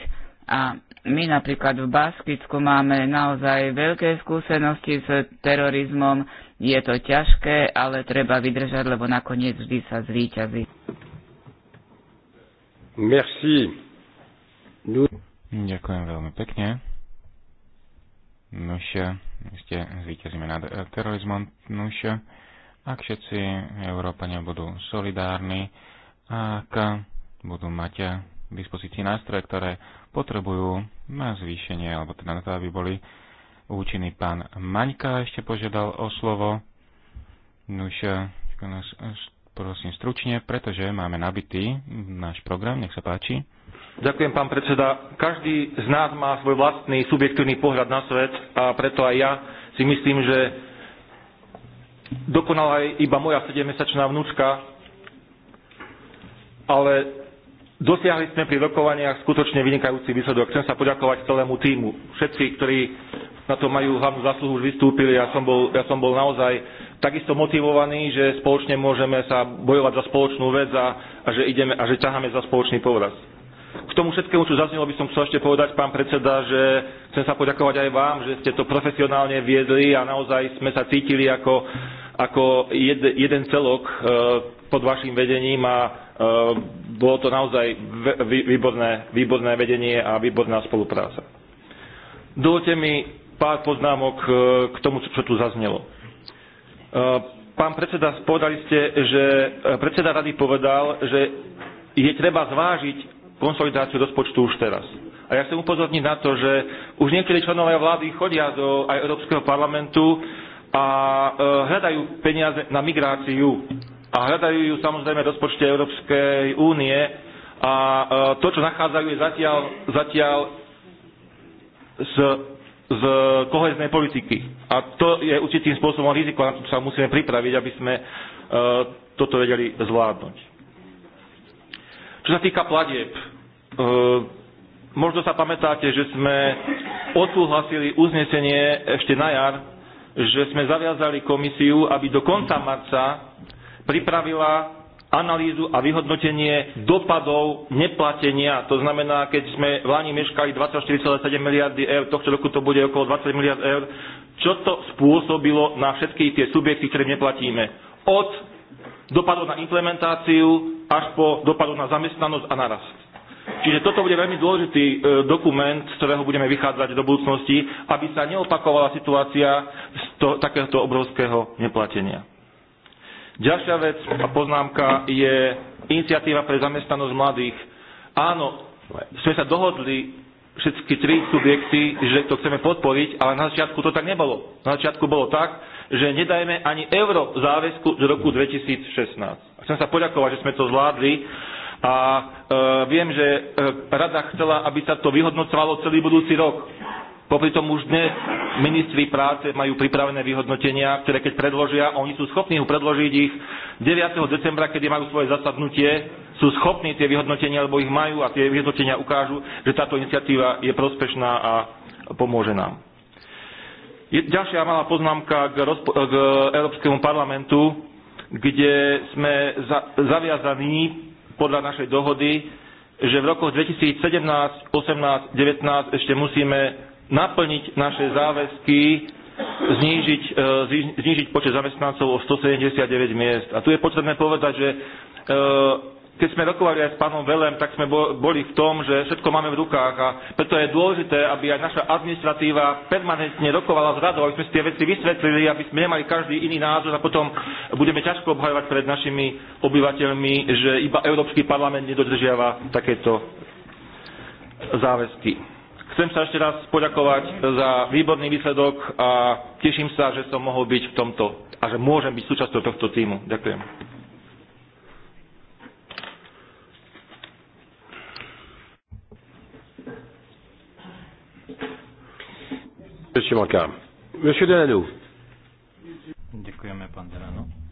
A my napríklad v Baskicku máme naozaj veľké skúsenosti s terorizmom. Je to ťažké, ale treba vydržať, lebo nakoniec vždy sa zvíťazí. Merci. Ďakujem veľmi pekne. Nuša, ste zvýťazíme nad terorizmom. Nuša. ak všetci Európania budú solidárni, ak budú mať k dispozícii nástroje, ktoré potrebujú na zvýšenie, alebo teda na to, aby boli účinný pán Maňka ešte požiadal o slovo. Nuž, nás prosím stručne, pretože máme nabitý náš program. Nech sa páči. Ďakujem, pán predseda. Každý z nás má svoj vlastný subjektívny pohľad na svet a preto aj ja si myslím, že dokonala aj iba moja 7-mesačná vnúčka, ale Dosiahli sme pri rokovaniach skutočne vynikajúci výsledok. Chcem sa poďakovať celému týmu. Všetci, ktorí na to majú hlavnú zasluhu, už vystúpili. Ja som, bol, ja som bol naozaj takisto motivovaný, že spoločne môžeme sa bojovať za spoločnú vec a, a, že, ideme, a že ťaháme za spoločný povraz. K tomu všetkému, čo zaznelo, by som chcel ešte povedať, pán predseda, že chcem sa poďakovať aj vám, že ste to profesionálne viedli a naozaj sme sa cítili ako, ako jed, jeden celok eh, pod vašim vedením a Ehm, bolo to naozaj výborné, výborné vedenie a výborná spolupráca. Dovolte mi pár poznámok e, k tomu, čo tu zaznelo. Ehm, pán predseda, povedali ste, že e, predseda rady povedal, že je treba zvážiť konsolidáciu rozpočtu už teraz. A ja chcem upozorniť na to, že už niektorí členovia vlády chodia do aj Európskeho parlamentu a e, hľadajú peniaze na migráciu a hľadajú ju samozrejme v rozpočte Európskej únie a e, to, čo nachádzajú, je zatiaľ, zatiaľ z, z koheznej politiky. A to je určitým spôsobom riziko, na to sa musíme pripraviť, aby sme e, toto vedeli zvládnuť. Čo sa týka platieb, e, možno sa pamätáte, že sme odsúhlasili uznesenie ešte na jar, že sme zaviazali komisiu, aby do konca marca pripravila analýzu a vyhodnotenie dopadov neplatenia. To znamená, keď sme v Lani meškali 24,7 miliardy eur, tohto roku to bude okolo 20 miliard eur, čo to spôsobilo na všetky tie subjekty, ktoré neplatíme. Od dopadov na implementáciu až po dopadov na zamestnanosť a narast. Čiže toto bude veľmi dôležitý e, dokument, z ktorého budeme vychádzať do budúcnosti, aby sa neopakovala situácia z to, takéhoto obrovského neplatenia. Ďalšia vec a poznámka je iniciatíva pre zamestnanosť mladých. Áno, sme sa dohodli všetky tri subjekty, že to chceme podporiť, ale na začiatku to tak nebolo. Na začiatku bolo tak, že nedajme ani euro záväzku z roku 2016. A chcem sa poďakovať, že sme to zvládli a e, viem, že e, rada chcela, aby sa to vyhodnocovalo celý budúci rok. Popri tom už dnes ministri práce majú pripravené vyhodnotenia, ktoré keď predložia, oni sú schopní ju predložiť ich 9. decembra, kedy majú svoje zasadnutie, sú schopní tie vyhodnotenia, lebo ich majú a tie vyhodnotenia ukážu, že táto iniciatíva je prospešná a pomôže nám. Ďalšia malá poznámka k, k Európskemu parlamentu, kde sme za- zaviazaní podľa našej dohody, že v rokoch 2017, 18, 19 ešte musíme naplniť naše záväzky, znížiť, e, znížiť počet zamestnancov o 179 miest. A tu je potrebné povedať, že e, keď sme rokovali aj s pánom Velem, tak sme boli v tom, že všetko máme v rukách a preto je dôležité, aby aj naša administratíva permanentne rokovala s radou, aby sme si tie veci vysvetlili, aby sme nemali každý iný názor a potom budeme ťažko obhajovať pred našimi obyvateľmi, že iba Európsky parlament nedodržiava takéto záväzky. Chcem sa ešte raz poďakovať za výborný výsledok a teším sa, že som mohol byť v tomto a že môžem byť súčasťou tohto týmu. Ďakujem. Ďakujeme, pán Deranu.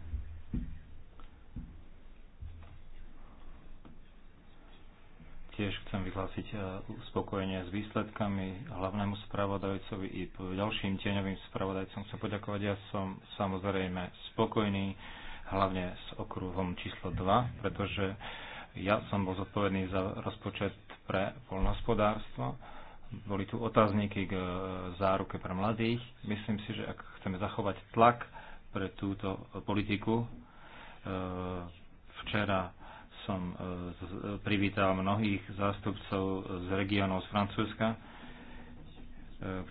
Tiež chcem vyhlásiť e, uspokojenie s výsledkami hlavnému spravodajcovi i ďalším tieňovým spravodajcom chcem poďakovať. Ja som samozrejme spokojný, hlavne s okruhom číslo 2, pretože ja som bol zodpovedný za rozpočet pre poľnohospodárstvo. Boli tu otázniky k e, záruke pre mladých. Myslím si, že ak chceme zachovať tlak pre túto politiku, e, včera som e, privítal mnohých zástupcov z regionov z Francúzska, e,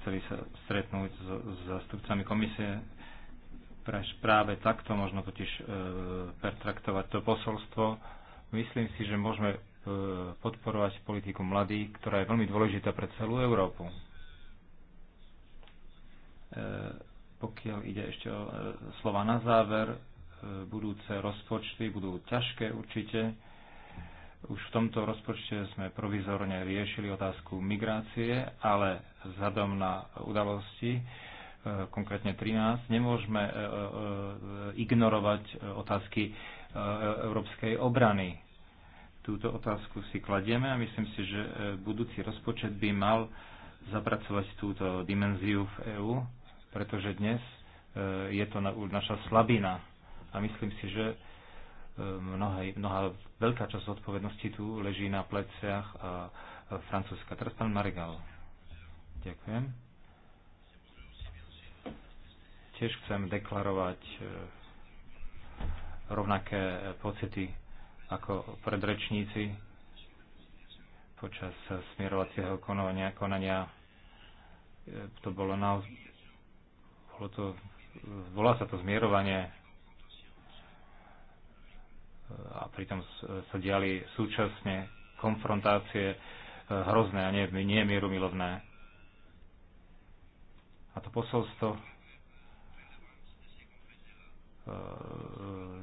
ktorí sa stretnúť s zástupcami komisie. Práve takto možno totiž e, pertraktovať to posolstvo. Myslím si, že môžeme podporovať politiku mladých, ktorá je veľmi dôležitá pre celú Európu. Pokiaľ ide ešte o slova na záver, budúce rozpočty budú ťažké určite. Už v tomto rozpočte sme provizorne riešili otázku migrácie, ale vzhľadom na udalosti, e, konkrétne 13, nemôžeme e, e, ignorovať otázky európskej obrany. Túto otázku si kladieme a myslím si, že budúci rozpočet by mal zapracovať túto dimenziu v EÚ, pretože dnes je to naša slabina a myslím si, že mnohé, e, mnohá veľká časť odpovednosti tu leží na pleciach a Francúzska. Teraz pán Marigal. Ďakujem. Tiež chcem deklarovať e, rovnaké e, pocity ako predrečníci počas smierovacieho konania, konania to bolo naozaj bolo to, volá sa to zmierovanie a pritom sa diali súčasne konfrontácie e, hrozné a nie, nie mierumilovné. A to posolstvo e,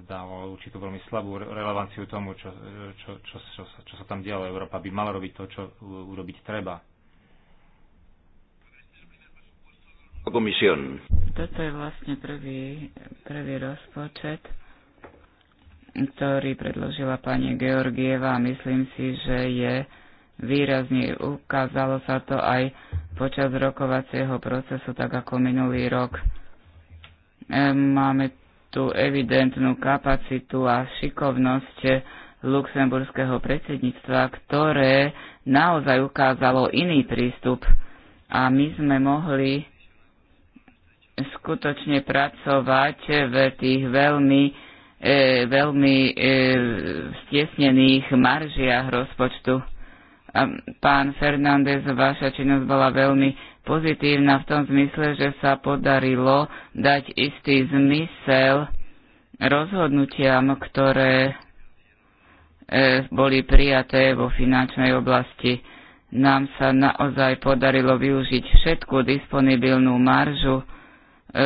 dáva určitú veľmi slabú relevanciu tomu, čo, čo, čo, čo, čo sa tam dialo. Európa by mala robiť to, čo urobiť treba. Komisión. Toto je vlastne prvý, prvý rozpočet ktorý predložila pani Georgieva a myslím si, že je výrazne ukázalo sa to aj počas rokovacieho procesu, tak ako minulý rok. E, máme tú evidentnú kapacitu a šikovnosť luxemburského predsedníctva, ktoré naozaj ukázalo iný prístup a my sme mohli skutočne pracovať v tých veľmi e, veľmi e, stiesnených maržiach rozpočtu. A pán Fernández, vaša činnosť bola veľmi pozitívna v tom zmysle, že sa podarilo dať istý zmysel rozhodnutiam, ktoré e, boli prijaté vo finančnej oblasti. Nám sa naozaj podarilo využiť všetku disponibilnú maržu, E,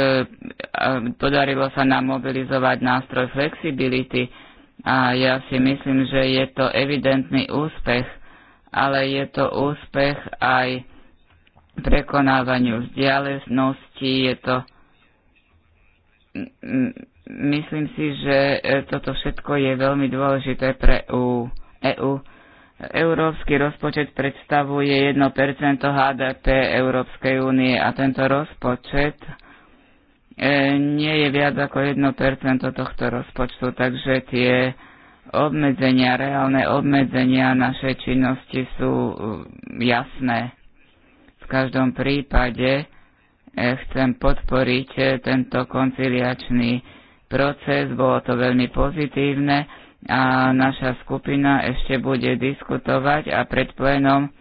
podarilo sa nám mobilizovať nástroj flexibility a ja si myslím, že je to evidentný úspech, ale je to úspech aj prekonávaniu vzdialenosti, je to myslím si, že e, toto všetko je veľmi dôležité pre EU. Európsky rozpočet predstavuje 1% HDP Európskej únie a tento rozpočet E, nie je viac ako 1% tohto rozpočtu, takže tie obmedzenia, reálne obmedzenia našej činnosti sú e, jasné. V každom prípade e, chcem podporiť tento konciliačný proces, bolo to veľmi pozitívne a naša skupina ešte bude diskutovať a pred plénom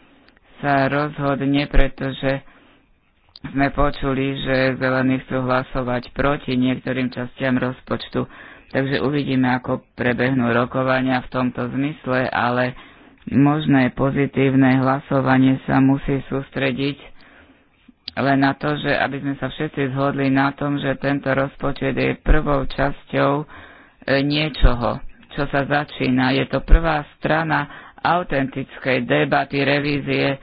sa rozhodne, pretože sme počuli, že zelení chcú hlasovať proti niektorým častiam rozpočtu, takže uvidíme, ako prebehnú rokovania v tomto zmysle, ale možné pozitívne hlasovanie sa musí sústrediť len na to, že aby sme sa všetci zhodli na tom, že tento rozpočet je prvou časťou e, niečoho, čo sa začína. Je to prvá strana autentickej debaty, revízie,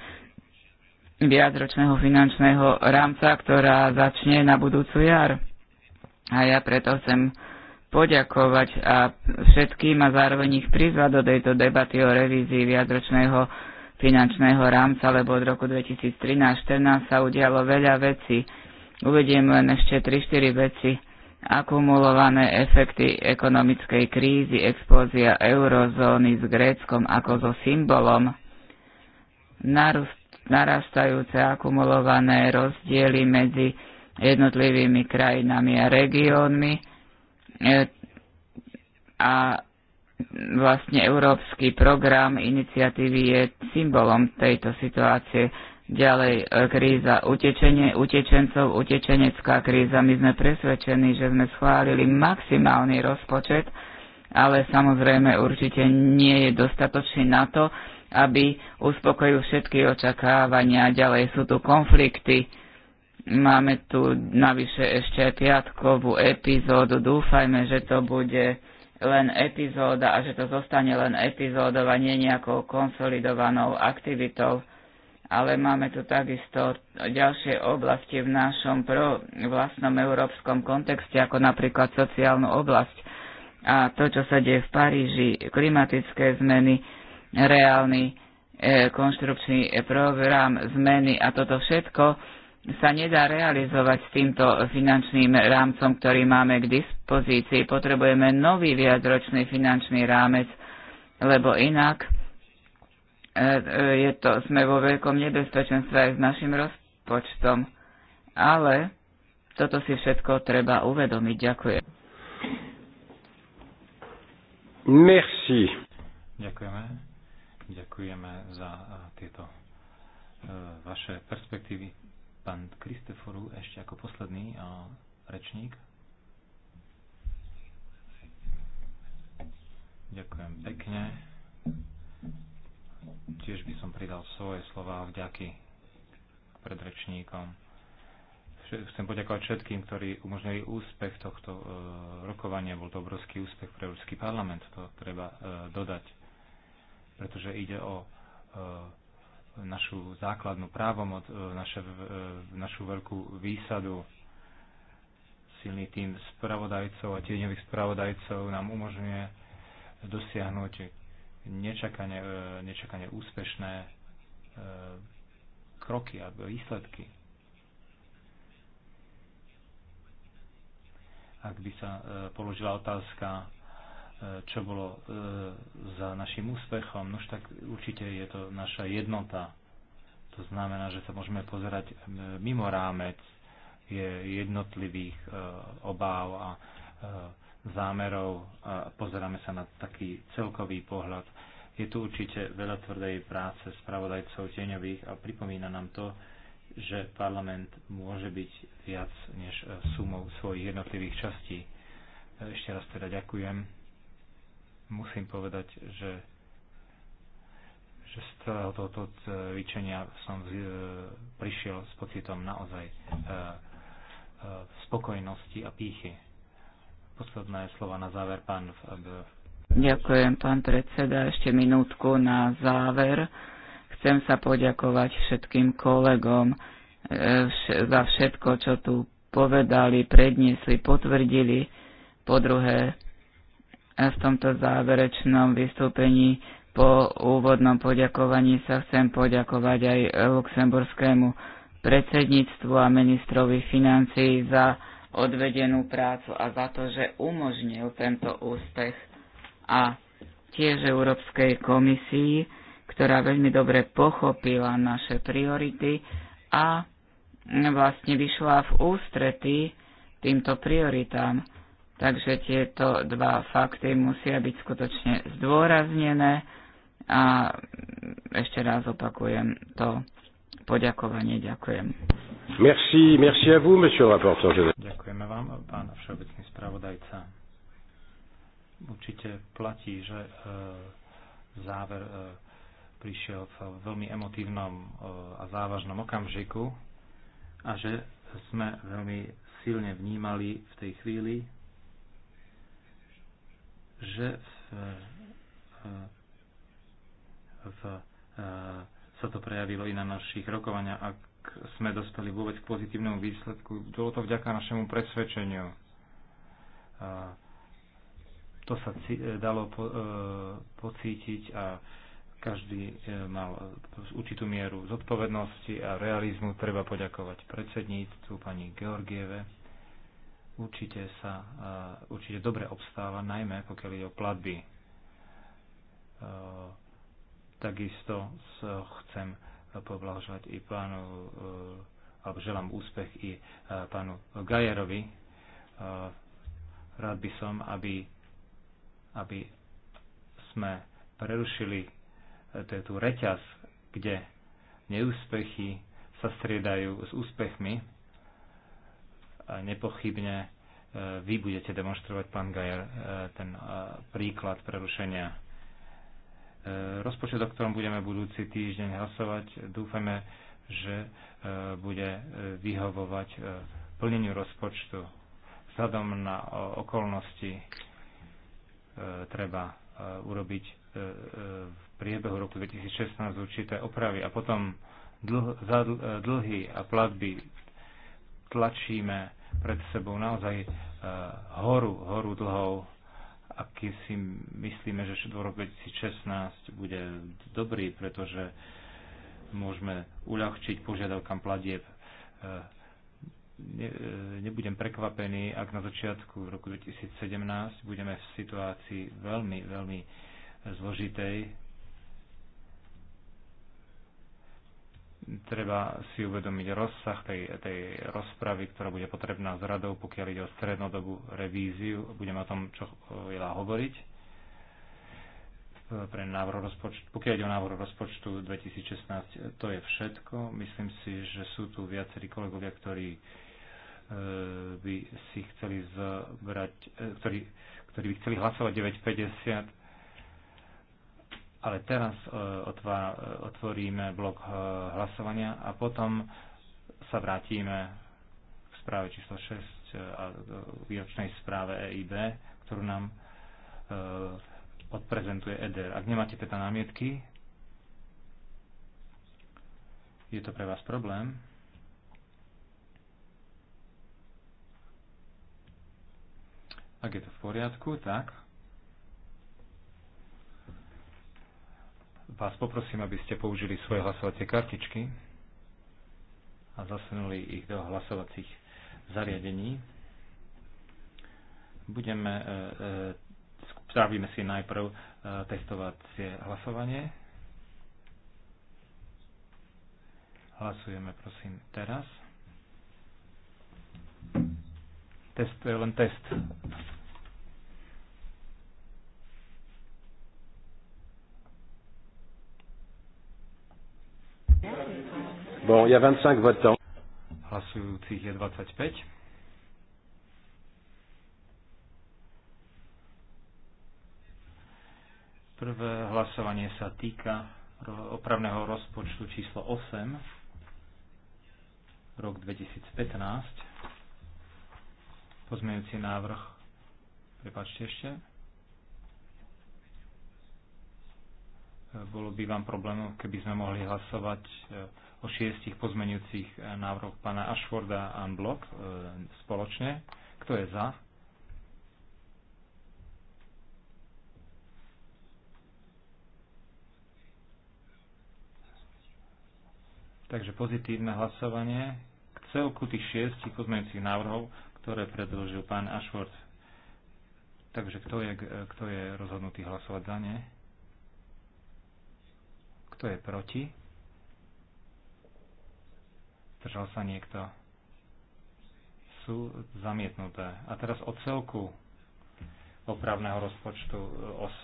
viacročného finančného rámca, ktorá začne na budúcu jar. A ja preto chcem poďakovať a všetkým a zároveň ich prizvať do tejto debaty o revízii viacročného finančného rámca, lebo od roku 2013-2014 sa udialo veľa vecí. Uvediem len ešte 3-4 veci. Akumulované efekty ekonomickej krízy, expózia eurozóny s Gréckom ako so symbolom, narust narastajúce akumulované rozdiely medzi jednotlivými krajinami a regiónmi e, a vlastne európsky program iniciatívy je symbolom tejto situácie. Ďalej e, kríza utečenie, utečencov, utečenecká kríza. My sme presvedčení, že sme schválili maximálny rozpočet, ale samozrejme určite nie je dostatočný na to, aby uspokojil všetky očakávania. Ďalej sú tu konflikty. Máme tu navyše ešte piatkovú epizódu. Dúfajme, že to bude len epizóda a že to zostane len epizódou a nie nejakou konsolidovanou aktivitou. Ale máme tu takisto ďalšie oblasti v našom pro vlastnom európskom kontexte, ako napríklad sociálnu oblasť a to, čo sa deje v Paríži, klimatické zmeny, reálny e, konštrukčný program zmeny a toto všetko sa nedá realizovať s týmto finančným rámcom, ktorý máme k dispozícii. Potrebujeme nový viacročný finančný rámec, lebo inak e, e, je to, sme vo veľkom nebezpečenstve aj s našim rozpočtom. Ale toto si všetko treba uvedomiť. Ďakujem. Merci. Ďakujeme. Ďakujeme za e, tieto e, vaše perspektívy. Pán Kristeforu ešte ako posledný e, rečník. Ďakujem pekne. Tiež by som pridal svoje slova vďaky predrečníkom. Chcem poďakovať všetkým, ktorí umožnili úspech tohto rokovania. Bol to obrovský úspech pre Európsky parlament, to treba dodať pretože ide o e, našu základnú právomoc, e, naše, e, našu veľkú výsadu. Silný tým spravodajcov a tieňových spravodajcov nám umožňuje dosiahnuť nečakane, nečakane úspešné kroky a výsledky. Ak by sa položila otázka, čo bolo e, za našim úspechom, nož tak určite je to naša jednota. To znamená, že sa môžeme pozerať e, mimo rámec jednotlivých e, obáv a zámerov a pozeráme sa na taký celkový pohľad. Je tu určite veľa tvrdej práce spravodajcov tieňových a pripomína nám to, že parlament môže byť viac než sumou svojich jednotlivých častí. Ešte raz teda ďakujem musím povedať, že, že z celého tohoto cvičenia e, som z, e, prišiel s pocitom naozaj e, e, spokojnosti a pýchy. Posledné slova na záver, pán. v. Ďakujem, pán predseda. Ešte minútku na záver. Chcem sa poďakovať všetkým kolegom e, za všetko, čo tu povedali, predniesli, potvrdili. Po druhé, v tomto záverečnom vystúpení po úvodnom poďakovaní sa chcem poďakovať aj luxemburskému predsedníctvu a ministrovi financií za odvedenú prácu a za to, že umožnil tento úspech a tiež Európskej komisii, ktorá veľmi dobre pochopila naše priority a vlastne vyšla v ústrety týmto prioritám. Takže tieto dva fakty musia byť skutočne zdôraznené a ešte raz opakujem to poďakovanie. Ďakujem. Merci, merci à vous, monsieur rapporteur Ďakujeme vám, pán všeobecný spravodajca. Určite platí, že e, záver e, prišiel v veľmi emotívnom e, a závažnom okamžiku a že sme veľmi silne vnímali v tej chvíli že v, eh, eh, sa to prejavilo i na našich rokovania, ak sme dostali vôbec k pozitívnemu výsledku. Bolo to vďaka našemu presvedčeniu. Eh, to sa dalo po, pocítiť a každý mal určitú mieru zodpovednosti a realizmu treba poďakovať predsedníctvu pani Georgieve určite sa eh, určite dobre obstáva, najmä pokiaľ ide o platby. Eh, takisto chcem poblahoželať i pánu, eh, alebo želám úspech i pánu Gajerovi. Rád by som, aby, aby sme prerušili tú reťaz, kde neúspechy sa striedajú s úspechmi nepochybne e, vy budete demonstrovať, pán Gajer, e, ten e, príklad prerušenia. Rozpočet, o ktorom budeme budúci týždeň hlasovať, dúfame, že bude vyhovovať plneniu rozpočtu. Vzhľadom na okolnosti treba urobiť v priebehu roku 2016 určité opravy a potom dlh, za dlhy a platby tlačíme pred sebou naozaj e, horu, horu dlhov, aký si myslíme, že v roku 2016 bude dobrý, pretože môžeme uľahčiť požiadavkám platieb. E, ne, e, nebudem prekvapený, ak na začiatku v roku 2017 budeme v situácii veľmi, veľmi zložitej, treba si uvedomiť rozsah tej, tej rozpravy, ktorá bude potrebná s radou, pokiaľ ide o strednodobú revíziu. Budeme o tom, čo e, veľa hovoriť e, pre návrh rozpočtu, pokiaľ ide o návrh rozpočtu 2016, e, to je všetko. Myslím si, že sú tu viacerí kolegovia, ktorí by si chceli zbrať, ktorí, ktorí by chceli hlasovať 9.50, ale teraz e, otvoríme blok e, hlasovania a potom sa vrátime k správe číslo 6 e, a výročnej správe EIB, ktorú nám odprezentuje EDER. Ak nemáte teda námietky, je to pre vás problém? Ak je to v poriadku, tak vás poprosím, aby ste použili svoje hlasovacie kartičky a zasunuli ich do hlasovacích zariadení. Budeme, e, e, strávime si najprv e, testovacie hlasovanie. Hlasujeme prosím teraz. Test, len test. Bon, il y a 25 votants. Hlasujúcich je 25. Prvé hlasovanie sa týka opravného rozpočtu číslo 8, rok 2015. Pozmejúci návrh, prepačte ešte, bolo by vám problémov, keby sme mohli hlasovať e, o šiestich pozmenujúcich eh, návrhoch pána Ashforda a Blok eh, spoločne. Kto je za? Takže pozitívne hlasovanie k celku tých šiestich pozmeňujúcich návrhov, ktoré predložil pán Ashford. Takže kto je, kto je rozhodnutý hlasovať za ne? Kto je proti? Zdržal sa niekto? Sú zamietnuté. A teraz o celku opravného rozpočtu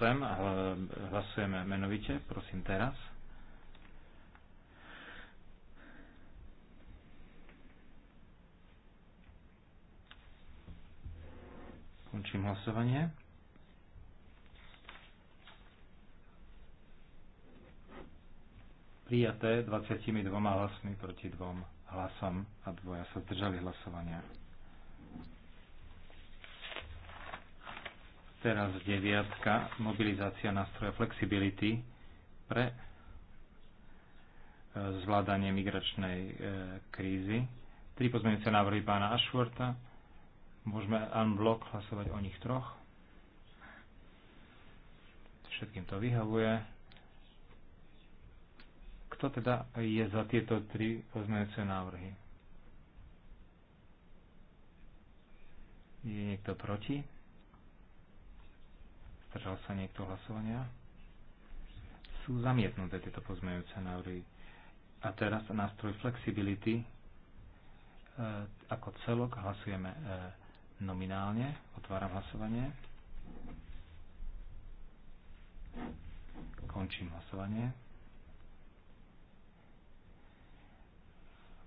8 hlasujeme menovite, prosím teraz. Končím hlasovanie. Prijaté 22 hlasmi proti 2 hlasom a dvoja sa zdržali hlasovania. Teraz deviatka, mobilizácia nástroja flexibility pre e, zvládanie migračnej e, krízy. Tri pozmeňujúce návrhy pána Ashworta. Môžeme unblock hlasovať o nich troch. Všetkým to vyhovuje. Kto teda je za tieto tri pozmeňujúce návrhy? Je niekto proti? Zdržal sa niekto hlasovania? Sú zamietnuté tieto pozmeňujúce návrhy. A teraz nástroj flexibility. E, ako celok hlasujeme e, nominálne. Otváram hlasovanie. Končím hlasovanie.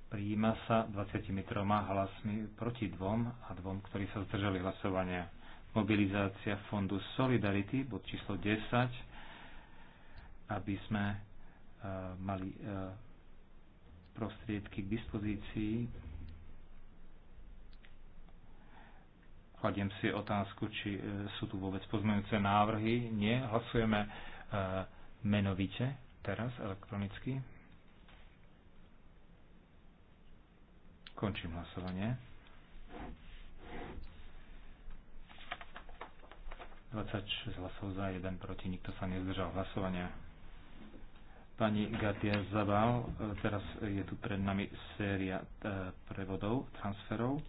Prijíma sa 23 hlasmi proti dvom a dvom, ktorí sa zdržali hlasovania. Mobilizácia fondu Solidarity, bod číslo 10, aby sme uh, mali uh, prostriedky k dispozícii. Kladiem si otázku, či uh, sú tu vôbec pozmeňujúce návrhy. Nie, hlasujeme uh, menovite teraz elektronicky. Končím hlasovanie. 26 hlasov za, 1 proti, nikto sa nezdržal hlasovania. Pani Gatia Zabal, teraz je tu pred nami séria e, prevodov, transferov.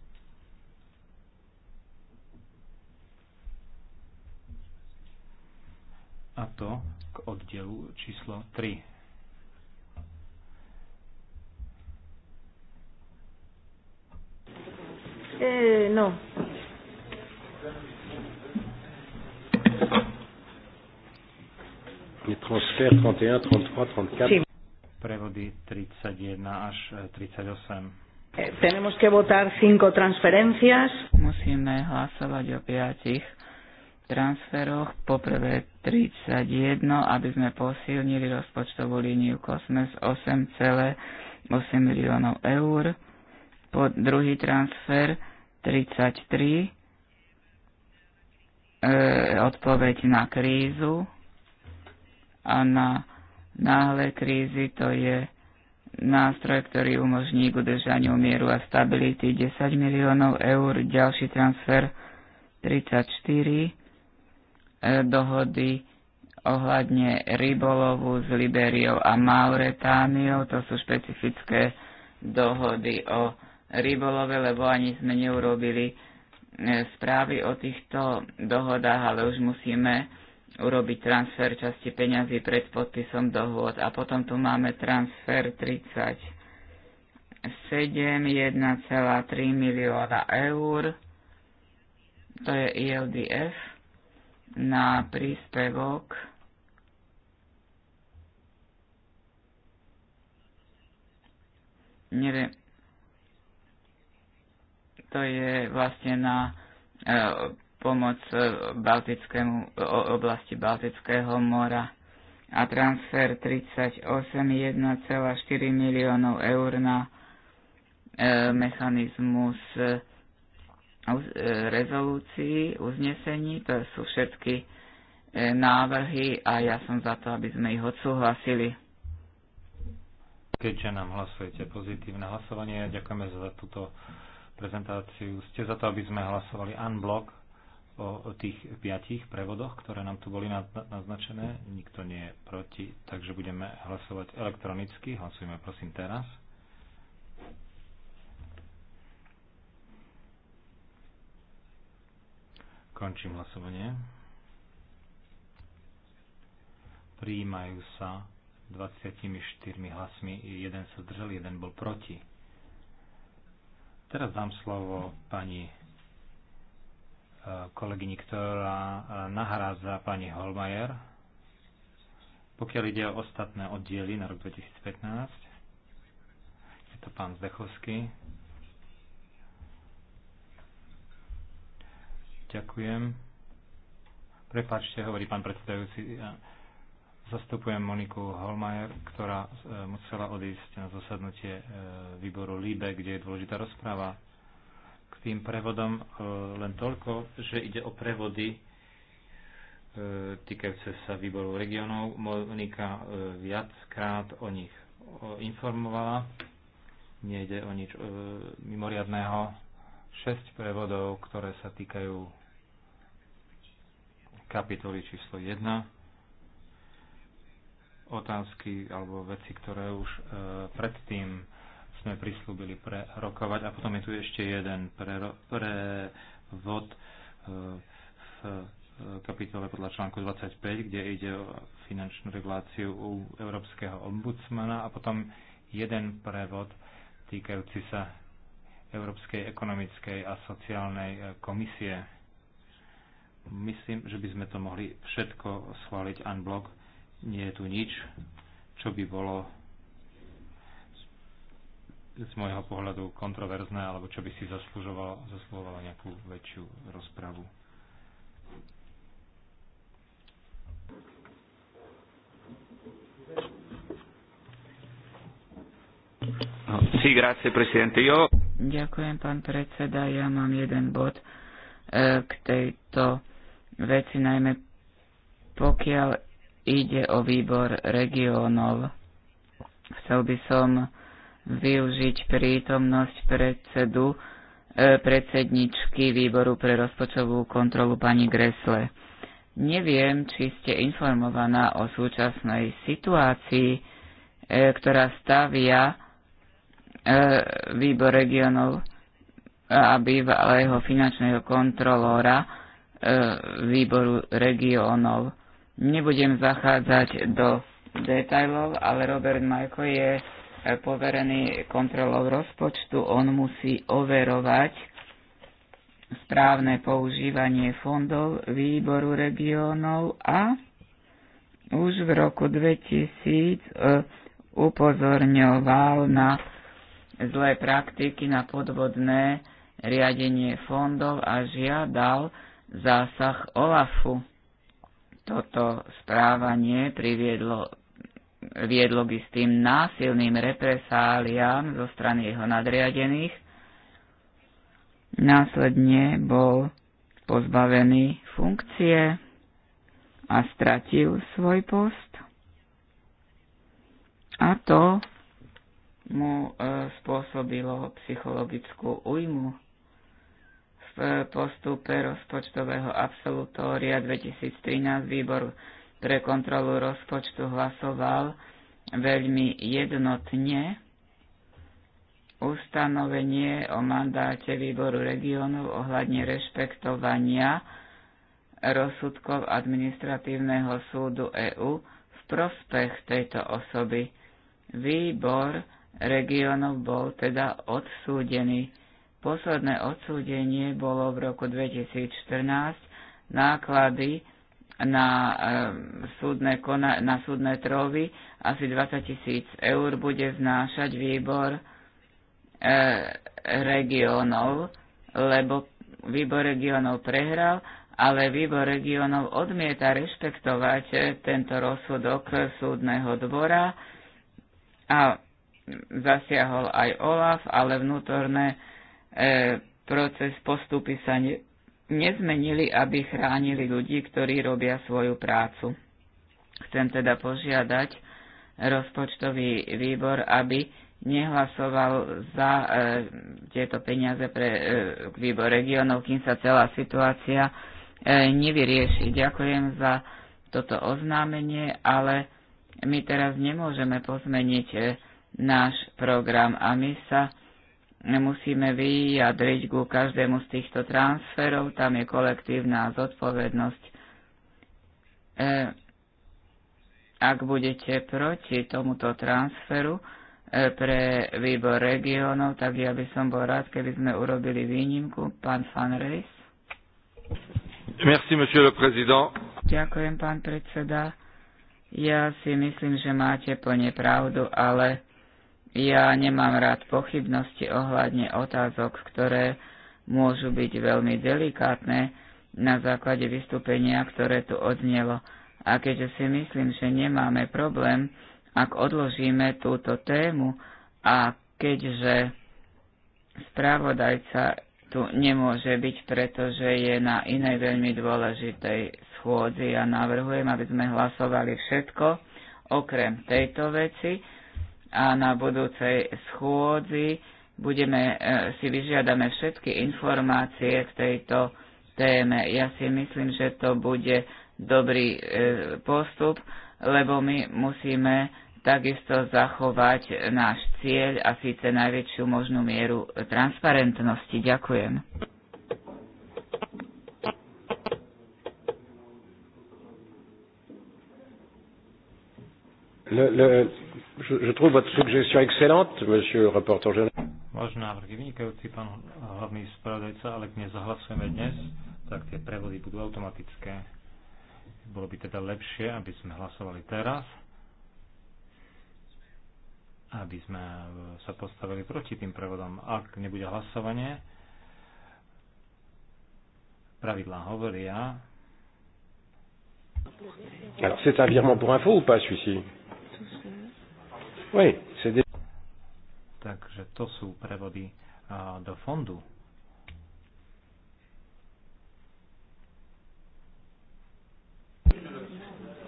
A to k oddielu číslo 3. 31, 34. Prevody 31 až 38. E, eh, tenemos que votar cinco transferencias. Musíme hlasovať o piatich transferoch. Poprvé 31, aby sme posilnili rozpočtovú líniu Cosmes 8,8 miliónov eur. Po druhý transfer 33, e, odpoveď na krízu a na náhle krízy to je nástroj, ktorý umožní k udržaniu mieru a stability 10 miliónov eur, ďalší transfer 34, e, dohody ohľadne rybolovu s Liberiou a Mauretániou, to sú špecifické dohody o rybolove, lebo ani sme neurobili e, správy o týchto dohodách, ale už musíme urobiť transfer časti peňazí pred podpisom dohôd. A potom tu máme transfer 37, 1,3 milióna eur, to je ILDF, na príspevok neviem, to je vlastne na e, pomoc e, Baltickému, e, oblasti Baltického mora a transfer 38 1,4 miliónov eur na e, mechanizmus e, e rezolúcií, uznesení. To sú všetky e, návrhy a ja som za to, aby sme ich odsúhlasili. Keďže nám hlasujete pozitívne hlasovanie, ďakujeme za túto prezentáciu. Ste za to, aby sme hlasovali unblock o tých piatich prevodoch, ktoré nám tu boli naznačené. Nikto nie je proti, takže budeme hlasovať elektronicky. Hlasujeme prosím teraz. Končím hlasovanie. Prijímajú sa 24 hlasmi, jeden sa zdržal, jeden bol proti. Teraz dám slovo pani kolegyni, ktorá e, nahrádza pani Holmajer. Pokiaľ ide o ostatné oddiely na rok 2015, je to pán Zdechovský. Ďakujem. Prepáčte, hovorí pán predsedajúci. Zastupujem Moniku Holmajer, ktorá e, musela odísť na zasadnutie e, výboru LIBE, kde je dôležitá rozpráva tým prevodom e, len toľko, že ide o prevody e, týkajúce sa výboru regionov. Monika e, viackrát o nich informovala. Nejde o nič mimoriadného. 6 prevodov, ktoré sa týkajú kapitoly číslo 1 otázky alebo veci, ktoré už e, predtým sme prislúbili prerokovať. A potom je tu ešte jeden prevod eh, v kapitole podľa článku 25, kde ide o finančnú reguláciu u Európskeho ombudsmana a potom jeden prevod týkajúci sa Európskej ekonomickej a sociálnej eh, komisie. Myslím, že by sme to mohli všetko schváliť unblock. Nie je tu nič, čo by bolo z môjho pohľadu kontroverzné, alebo čo by si zaslúžovalo, zaslúžovalo nejakú väčšiu rozpravu. Sí, grazie, presidente. Yo... Ďakujem, pán predseda. Ja mám jeden bod e, k tejto veci, najmä pokiaľ ide o výbor regionov. Chcel by som využiť prítomnosť predsedu, e, predsedničky výboru pre rozpočtovú kontrolu pani Gresle. Neviem, či ste informovaná o súčasnej situácii, e, ktorá stavia e, výbor regionov a bývalého finančného kontrolóra výboru regionov. Nebudem zachádzať do detajlov, ale Robert Majko je E, poverený kontrolou rozpočtu, on musí overovať správne používanie fondov výboru regiónov a už v roku 2000 e, upozorňoval na zlé praktiky, na podvodné riadenie fondov a žiadal zásah OLAFu. Toto správanie priviedlo viedlo by s tým násilným represáliám zo strany jeho nadriadených. Následne bol pozbavený funkcie a stratil svoj post. A to mu e, spôsobilo psychologickú újmu. V postupe rozpočtového absolutória 2013 výbor pre kontrolu rozpočtu hlasoval veľmi jednotne ustanovenie o mandáte výboru regiónov ohľadne rešpektovania rozsudkov administratívneho súdu EÚ v prospech tejto osoby. Výbor regiónov bol teda odsúdený. Posledné odsúdenie bolo v roku 2014. Náklady na, eh, súdne, kona, na súdne trovy asi 20 tisíc eur bude znášať výbor e, regionov, lebo výbor regionov prehral, ale výbor regionov odmieta rešpektovať eh, tento rozsudok súdneho dvora a zasiahol aj OLAF, ale vnútorné e, proces postupy sa ne, nezmenili, aby chránili ľudí, ktorí robia svoju prácu. Chcem teda požiadať rozpočtový výbor, aby nehlasoval za e, tieto peniaze pre e, výbor regionov, kým sa celá situácia e, nevyrieši. Ďakujem za toto oznámenie, ale my teraz nemôžeme pozmeniť e, náš program a my sa musíme vyjadriť ku každému z týchto transferov, tam je kolektívna zodpovednosť. E, ak budete proti tomuto transferu e, pre výbor regionov, tak ja by som bol rád, keby sme urobili výnimku. Pán Fan Reis. Merci, monsieur le président. Ďakujem, pán predseda. Ja si myslím, že máte plne pravdu, ale ja nemám rád pochybnosti ohľadne otázok, ktoré môžu byť veľmi delikátne na základe vystúpenia, ktoré tu odnielo. A keďže si myslím, že nemáme problém, ak odložíme túto tému a keďže správodajca tu nemôže byť, pretože je na inej veľmi dôležitej schôdzi. Ja navrhujem, aby sme hlasovali všetko, okrem tejto veci, a na budúcej schôdzi budeme, e, si vyžiadame všetky informácie k tejto téme. Ja si myslím, že to bude dobrý e, postup, lebo my musíme takisto zachovať náš cieľ a síce najväčšiu možnú mieru transparentnosti. Ďakujem. Le, le, je, trouve votre suggestion excellente, monsieur le rapporteur général. Váš návrh je vynikajúci, pán hlavný spravodajca, ale ak nezahlasujeme dnes, tak tie prevody budú automatické. Bolo by teda lepšie, aby sme hlasovali teraz, aby sme sa postavili proti tým prevodom. Ak nebude hlasovanie, pravidlá hovoria. C'est un virement pour info ou pas celui-ci Oui, c'est Takže to sú prevody do fondu.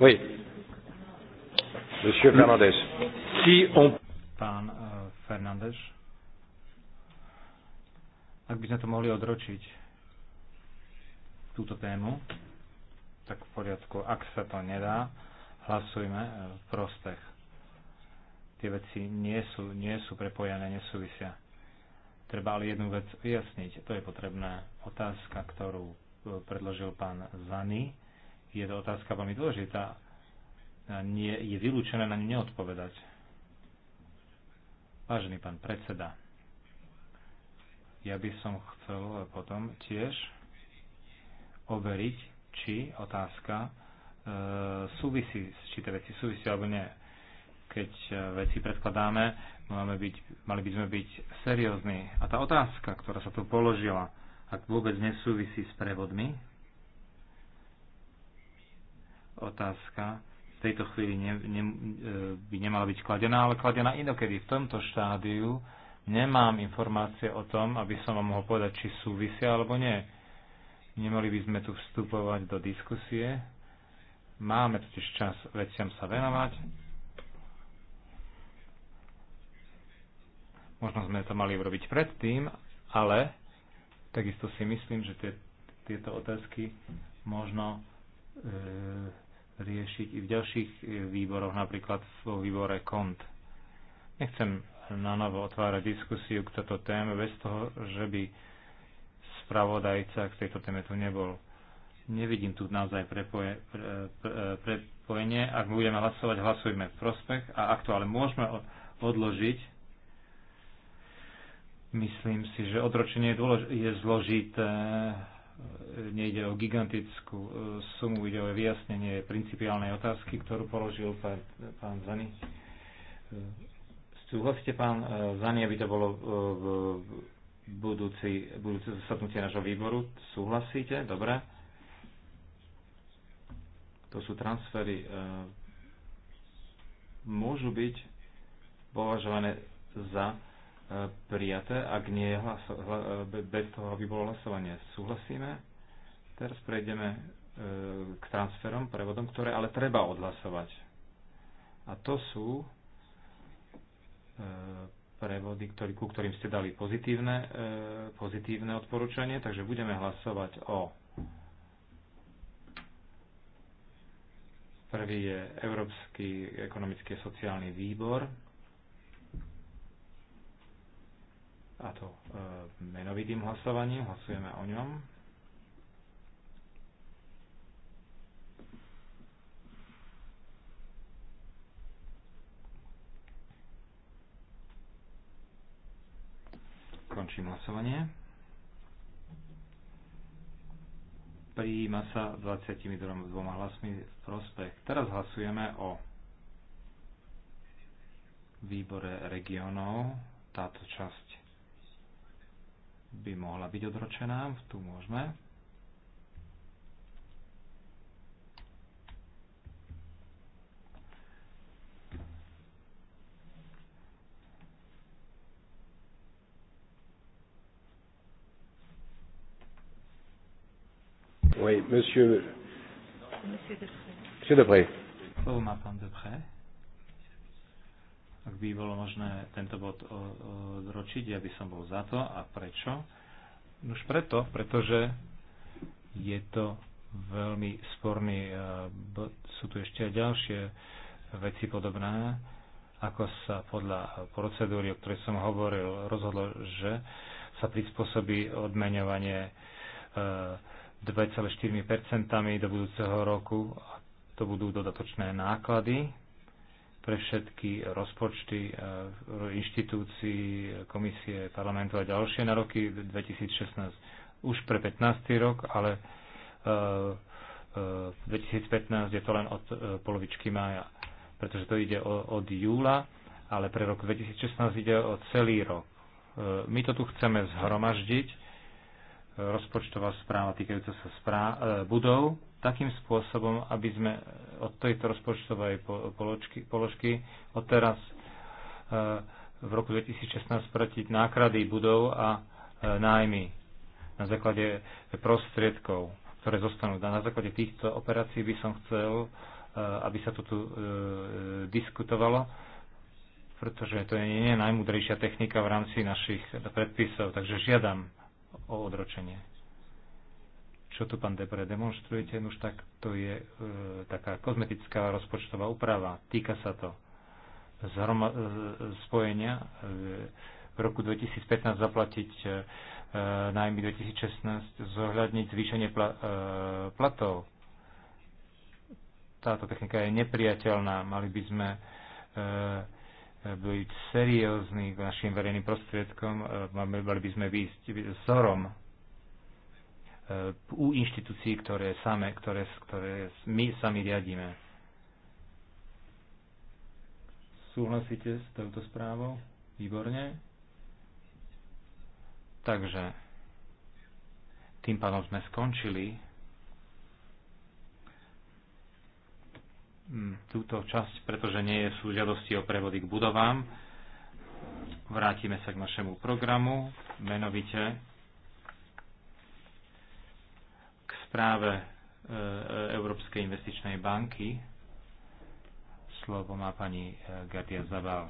Oui. Monsieur Fernandez. Si on... Pán uh, Fernandez. Ak by sme to mohli odročiť, túto tému, tak v poriadku, ak sa to nedá, hlasujme e, v prospech tie veci nie sú, nie sú prepojené, nesúvisia. Treba ale jednu vec ujasniť, to je potrebné. Otázka, ktorú e, predložil pán Zany, je to otázka veľmi dôležitá. Nie, je vylúčené na ňu neodpovedať. Vážený pán predseda, ja by som chcel potom tiež overiť, či otázka e, súvisí, či tie veci súvisia alebo nie keď e, veci predkladáme, máme byť, mali by sme byť seriózni. A tá otázka, ktorá sa tu položila, ak vôbec nesúvisí s prevodmi, otázka v tejto chvíli ne, ne, e, by nemala byť kladená, ale kladená inokedy. V tomto štádiu nemám informácie o tom, aby som vám mohol povedať, či súvisia alebo nie. Nemali by sme tu vstupovať do diskusie. Máme totiž čas veciam sa venovať Možno sme to mali urobiť predtým, ale takisto si myslím, že tie, tieto otázky možno e, riešiť i v ďalších e, výboroch, napríklad vo výbore KONT. Nechcem na novo otvárať diskusiu k tejto téme bez toho, že by spravodajca k tejto téme tu nebol. Nevidím tu naozaj prepoje, pre, pre, prepojenie. Ak budeme hlasovať, hlasujme v prospech a aktuálne môžeme odložiť Myslím si, že odročenie je zložité, nejde o gigantickú e, sumu, ide o vyjasnenie principiálnej otázky, ktorú položil pán, pán Zany. E, súhlasíte, pán e, Zani, aby to bolo v budúci, budúce zasadnutie nášho výboru? Súhlasíte? Dobre. To sú transfery. Môžu byť považované za prijaté, ak nie bez toho, aby bolo hlasovanie. Súhlasíme? Teraz prejdeme e, k transferom, prevodom, ktoré ale treba odhlasovať. A to sú e, prevody, ktorý, ku ktorým ste dali pozitívne, e, pozitívne odporúčanie, takže budeme hlasovať o Prvý je Európsky ekonomický a sociálny výbor, a to e, menovitým hlasovaním. Hlasujeme o ňom. Končím hlasovanie. Prijíma sa 22 hlasmi v prospech. Teraz hlasujeme o výbore regionov. Táto časť by mohla byť odročená. Tu môžeme. Oui, monsieur. Monsieur Depré. Monsieur Depré. Slovo má pán Depré ak by bolo možné tento bod odročiť, ja by som bol za to. A prečo? Už preto, pretože je to veľmi sporný e, bod. Sú tu ešte aj ďalšie veci podobné, ako sa podľa procedúry, o ktorej som hovoril, rozhodlo, že sa prispôsobí odmeňovanie 2,4% e, do budúceho roku a to budú dodatočné náklady pre všetky rozpočty e, inštitúcií, komisie, parlamentu a ďalšie na roky 2016 už pre 15. rok, ale e, e, v 2015 je to len od polovičky mája, pretože to ide od júla, ale pre rok 2016 ide o celý rok. My to tu chceme zhromaždiť rozpočtová správa týkajúca sa správ, e, budov takým spôsobom, aby sme od tejto rozpočtovej položky, položky od teraz e, v roku 2016 pratiť náklady budov a e, nájmy na základe prostriedkov, ktoré zostanú. Na základe týchto operácií by som chcel, aby sa to tu diskutovalo, pretože to nie je najmudrejšia technika v rámci našich predpisov. Takže žiadam o odročenie. Čo tu, pán Debre demonstrujete? Už tak to je e, taká kozmetická rozpočtová úprava. Týka sa to zhroma, e, spojenia. E, v roku 2015 zaplatiť e, e najmä 2016, zohľadniť zvýšenie pla, e, platov. Táto technika je nepriateľná. Mali by sme e, byť seriózni k našim verejným prostriedkom, e, mali by sme výjsť vzorom e, u inštitúcií, ktoré, same, ktoré, ktoré my sami riadíme. Súhlasíte s touto správou? Výborne. Takže tým pádom sme skončili Mm, túto časť, pretože nie sú žiadosti o prevody k budovám. Vrátime sa k našemu programu, menovite k správe e, e, Európskej investičnej banky. Slovo má pani e, Gardia Zabal.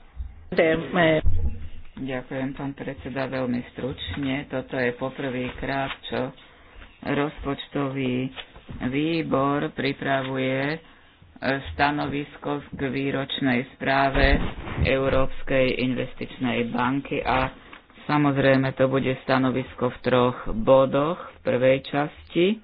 Ďakujem, pán predseda, veľmi stručne. Toto je poprvýkrát, čo rozpočtový výbor pripravuje stanovisko k výročnej správe Európskej investičnej banky a samozrejme to bude stanovisko v troch bodoch. V prvej časti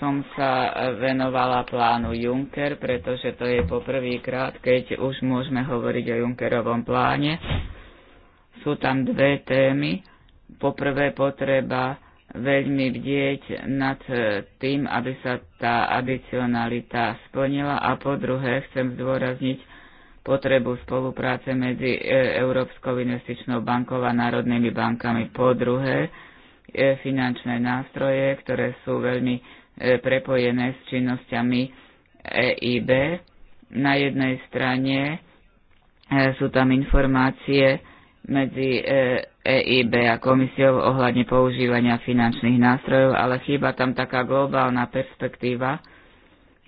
som sa venovala plánu Juncker, pretože to je poprvýkrát, keď už môžeme hovoriť o Junckerovom pláne. Sú tam dve témy. Poprvé potreba veľmi bdieť nad e, tým, aby sa tá adicionalita splnila a po druhé chcem zdôrazniť potrebu spolupráce medzi e, Európskou investičnou bankou a národnými bankami. Po druhé, e, finančné nástroje, ktoré sú veľmi prepojené s činnosťami EIB. Na jednej strane sú tam informácie, medzi EIB e a komisiou ohľadne používania finančných nástrojov, ale chýba tam taká globálna perspektíva,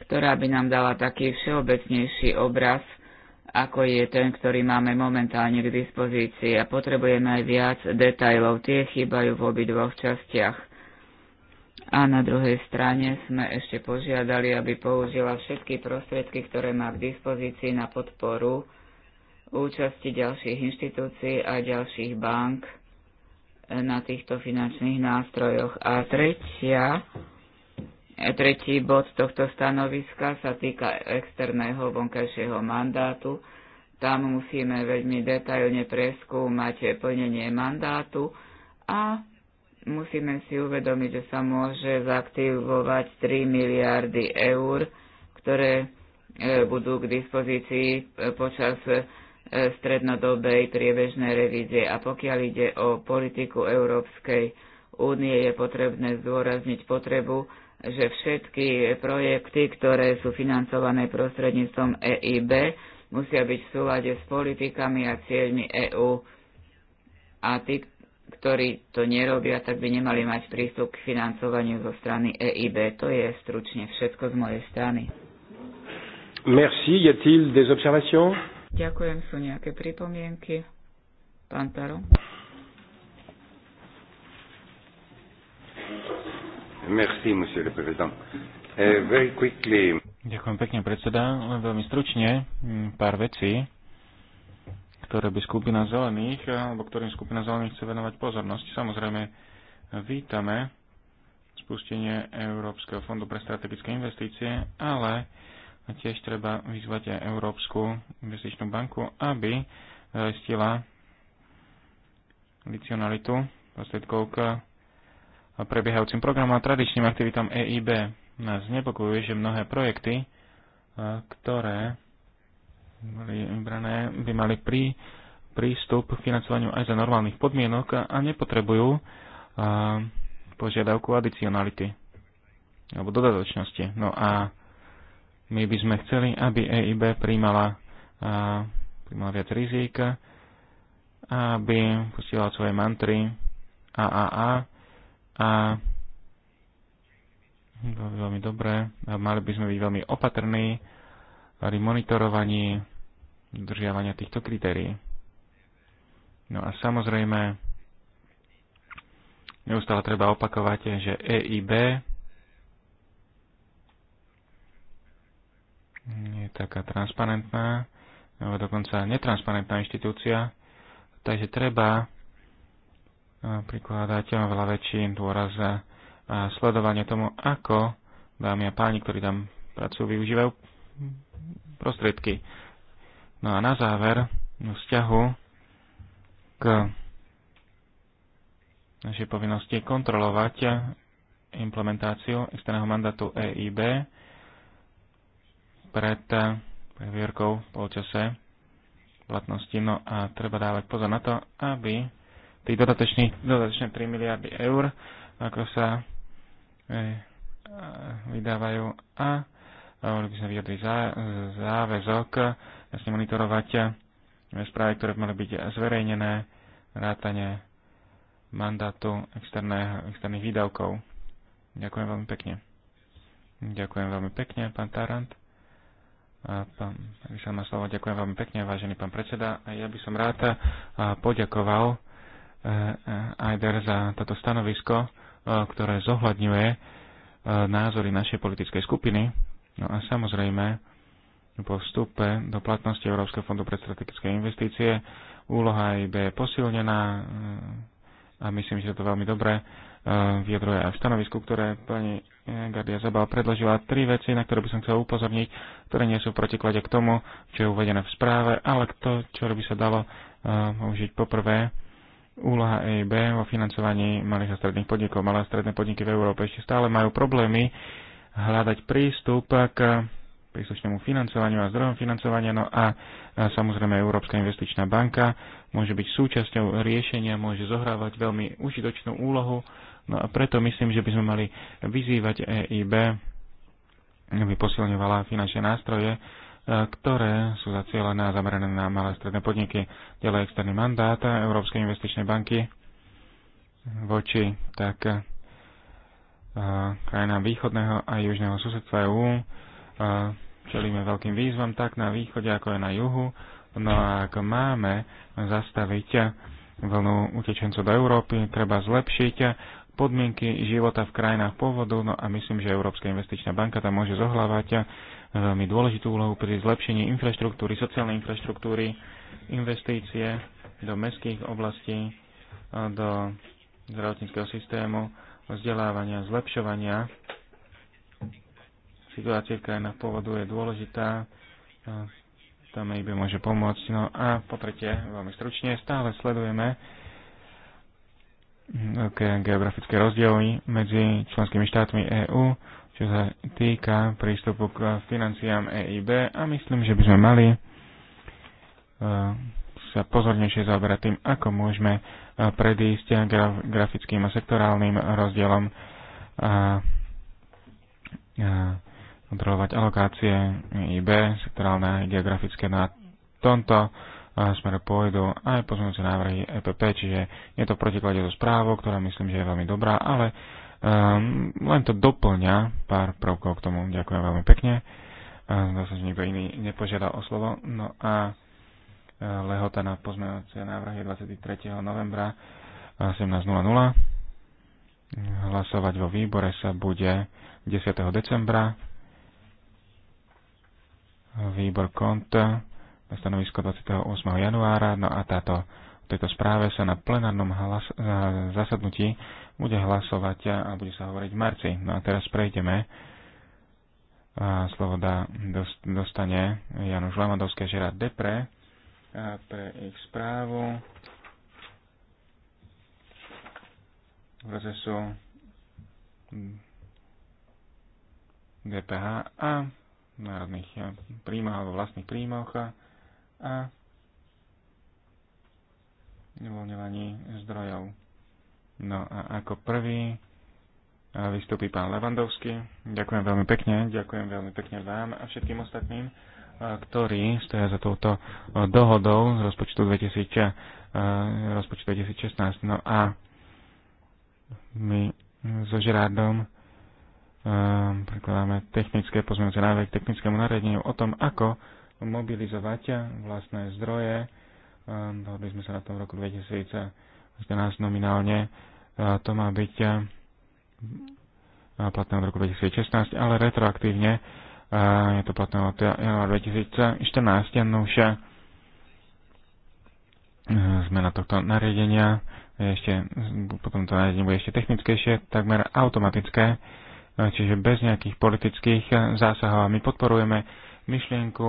ktorá by nám dala taký všeobecnejší obraz, ako je ten, ktorý máme momentálne k dispozícii a potrebujeme aj viac detajlov. Tie chýbajú v obidvoch častiach. A na druhej strane sme ešte požiadali, aby použila všetky prostriedky, ktoré má k dispozícii na podporu účasti ďalších inštitúcií a ďalších bank eh, na týchto finančných nástrojoch. A tretia, eh, tretí bod tohto stanoviska sa týka externého vonkajšieho mandátu. Tam musíme veľmi detailne preskúmať plnenie mandátu a musíme si uvedomiť, že sa môže zaktivovať 3 miliardy eur, ktoré eh, budú k dispozícii počas E, strednodobej priebežnej revízie. A pokiaľ ide o politiku Európskej únie, je potrebné zdôrazniť potrebu, že všetky projekty, ktoré sú financované prostredníctvom EIB, musia byť v súlade s politikami a cieľmi EÚ. A tí, ktorí to nerobia, tak by nemali mať prístup k financovaniu zo strany EIB. To je stručne všetko z mojej strany. Merci. Y a-t-il des observations Ďakujem, sú nejaké pripomienky. Pán Taro. Merci, monsieur le président. Uh, very quickly. Ďakujem pekne, predseda. Len veľmi stručne hm, pár vecí, ktoré by skupina zelených, eh, alebo ktorým skupina zelených chce venovať pozornosť. Samozrejme, vítame spustenie Európskeho fondu pre strategické investície, ale a tiež treba vyzvať aj Európsku investičnú banku, aby e, zaistila licionalitu prostriedkov k prebiehajúcim programom a tradičným aktivitám EIB. Nás znepokojuje, že mnohé projekty, e, ktoré boli vybrané, by mali prí, prístup k financovaniu aj za normálnych podmienok a nepotrebujú e, požiadavku adicionality alebo dodatočnosti. No a my by sme chceli, aby EIB príjmala, príjmala viac rizik, aby posielala svoje mantry AAA a bolo veľmi dobré. mali by sme byť veľmi opatrní pri monitorovaní dodržiavania týchto kritérií. No a samozrejme, neustále treba opakovať, že EIB je taká transparentná, alebo dokonca netransparentná inštitúcia, takže treba eh, prikladať veľa väčší dôraz a sledovanie tomu, ako dámy a páni, ktorí tam pracujú, využívajú prostriedky. No a na záver, vzťahu k našej povinnosti kontrolovať implementáciu externého mandátu EIB, pred previerkou po čase platnosti. No a treba dávať pozor na to, aby tých dodatočných, dodatočné 3 miliardy eur, ako sa e, vydávajú a mohli by sme vyjadriť zá, záväzok, jasne monitorovať správy, ktoré by mali byť zverejnené, rátanie mandátu externých výdavkov. Ďakujem veľmi pekne. Ďakujem veľmi pekne, pán Tarant. Pán Vyšel má slovo, ďakujem veľmi pekne, vážený pán predseda. Ja by som rád poďakoval e, e, Ajder za toto stanovisko, e, ktoré zohľadňuje názory našej politickej skupiny. No a samozrejme, po vstupe do platnosti Európskeho fondu pre strategické investície úloha IB je posilnená a myslím, že to veľmi dobre vyjadruje aj v stanovisku, ktoré pani eh, Gardia Zabal predložila tri veci, na ktoré by som chcel upozorniť, ktoré nie sú v protiklade k tomu, čo je uvedené v správe, ale k to, čo by sa dalo eh, použiť poprvé, úloha EIB vo financovaní malých a stredných podnikov. Malé a stredné podniky v Európe ešte stále majú problémy hľadať prístup k príslušnému financovaniu a zdrojom financovania. No a samozrejme Európska investičná banka môže byť súčasťou riešenia, môže zohrávať veľmi užitočnú úlohu No a preto myslím, že by sme mali vyzývať EIB, aby posilňovala finančné nástroje, e, ktoré sú zacielené a zamerané na malé stredné podniky. Ďalej externý mandát Európskej investičnej banky voči tak e, krajinám východného a južného susedstva EU e, Čelíme veľkým výzvam tak na východe, ako aj na juhu. No a ak máme zastaviť vlnu utečencov do Európy, treba zlepšiť podmienky života v krajinách pôvodu, no a myslím, že Európska investičná banka tam môže zohlávať eh, veľmi dôležitú úlohu pri zlepšení infraštruktúry, sociálnej infraštruktúry, investície do mestských oblastí, eh, do zdravotníckého systému, vzdelávania, zlepšovania. Situácia v krajinách pôvodu je dôležitá, eh, tam by môže pomôcť. No a po tretie, veľmi stručne, stále sledujeme veľké geografické rozdiely medzi členskými štátmi EÚ, čo sa týka prístupu k financiám EIB a myslím, že by sme mali e, sa pozornejšie zaoberať tým, ako môžeme e, predísť grafickým a sektorálnym rozdielom a kontrolovať alokácie EIB, sektorálne a geografické na no tomto Smer pôjdu aj pozmeňujúce návrhy EPP, čiže je to protiklade so správou, ktorá myslím, že je veľmi dobrá, ale um, len to doplňa pár prvkov k tomu. Ďakujem veľmi pekne. Ehm, zdá sa, že nikto iný nepožiadal o slovo. No a e, lehota na pozmeňujúce návrhy 23. novembra 17.00. Hlasovať vo výbore sa bude 10. decembra. Výbor konta stanovisko 28. januára. No a táto, tejto správe sa na plenárnom hlas, eh, zasadnutí bude hlasovať a bude sa hovoriť v marci. No a teraz prejdeme a slovo dá, dostane Januš Lamadovské žera Depre eh, a pre ich správu procesu hm, DPH a národných eh, príjmoch alebo vlastných príjmoch a uvoľňovaní zdrojov. No a ako prvý vystúpi pán Levandovský. Ďakujem veľmi pekne, ďakujem veľmi pekne vám a všetkým ostatným, ktorí stoja za touto dohodou z rozpočtu 2000, rozpočtu 2016. No a my so Žirádom prekladáme technické pozmeňujúce návrhy k technickému nariadeniu o tom, ako mobilizovať vlastné zdroje. Ehm, dohodli sme sa na tom v roku 2014 nominálne. To má byť ehm, platné od roku 2016, ale retroaktívne ehm, je to platné od januára 2014. No už zmena tohto nariadenia ešte, potom to nariadenie bude ešte technickejšie, takmer automatické, čiže bez nejakých politických zásahov. a My podporujeme myšlienku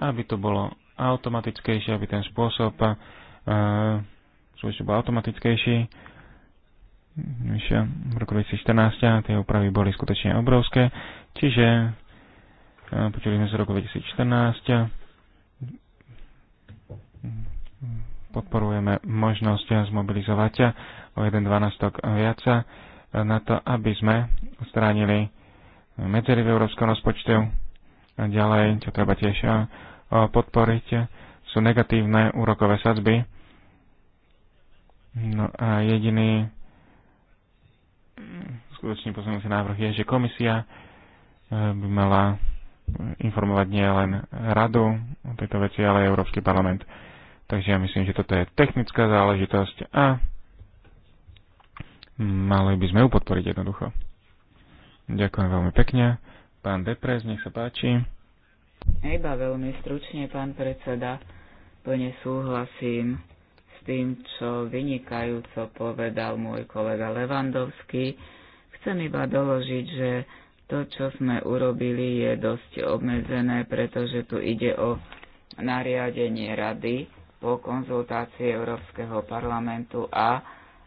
aby to bolo automatickejšie, aby ten spôsob eh, spôsob bol automatickejší. V roku 2014 tie úpravy boli skutočne obrovské, čiže eh, počuli sme z roku 2014 podporujeme možnosť zmobilizovať o 1.12 viac na to, aby sme odstránili medzery v európskom rozpočte a ďalej, čo treba tiež podporiť, sú negatívne úrokové sadzby. No a jediný skutočný pozmeňujúci návrh je, že komisia e, by mala informovať nie len radu o tejto veci, ale aj Európsky parlament. Takže ja myslím, že toto je technická záležitosť a mali by sme ju podporiť jednoducho. Ďakujem veľmi pekne. Pán Deprez, nech sa páči. Iba veľmi stručne, pán predseda, plne súhlasím s tým, čo vynikajúco povedal môj kolega Levandovský. Chcem iba doložiť, že to, čo sme urobili, je dosť obmedzené, pretože tu ide o nariadenie rady po konzultácii Európskeho parlamentu a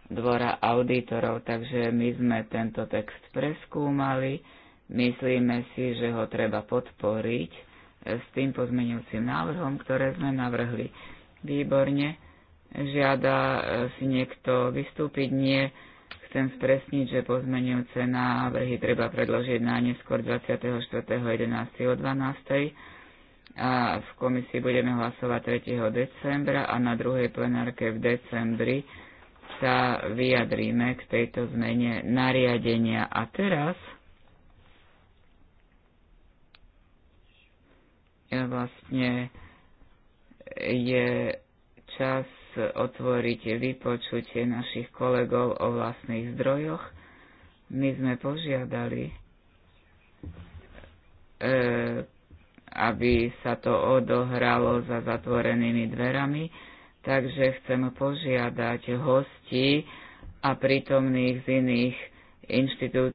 dvora auditorov, takže my sme tento text preskúmali Myslíme si, že ho treba podporiť e, s tým pozmeňujúcim návrhom, ktoré sme navrhli. Výborne. Žiada e, si niekto vystúpiť? Nie. Chcem spresniť, že pozmeňujúce návrhy treba predložiť na neskôr 24.11. o 12. A v komisii budeme hlasovať 3. decembra a na druhej plenárke v decembri sa vyjadríme k tejto zmene nariadenia. A teraz vlastne je čas otvoriť vypočutie našich kolegov o vlastných zdrojoch. My sme požiadali, e, aby sa to odohralo za zatvorenými dverami, takže chcem požiadať hostí a prítomných z iných inštitúcií,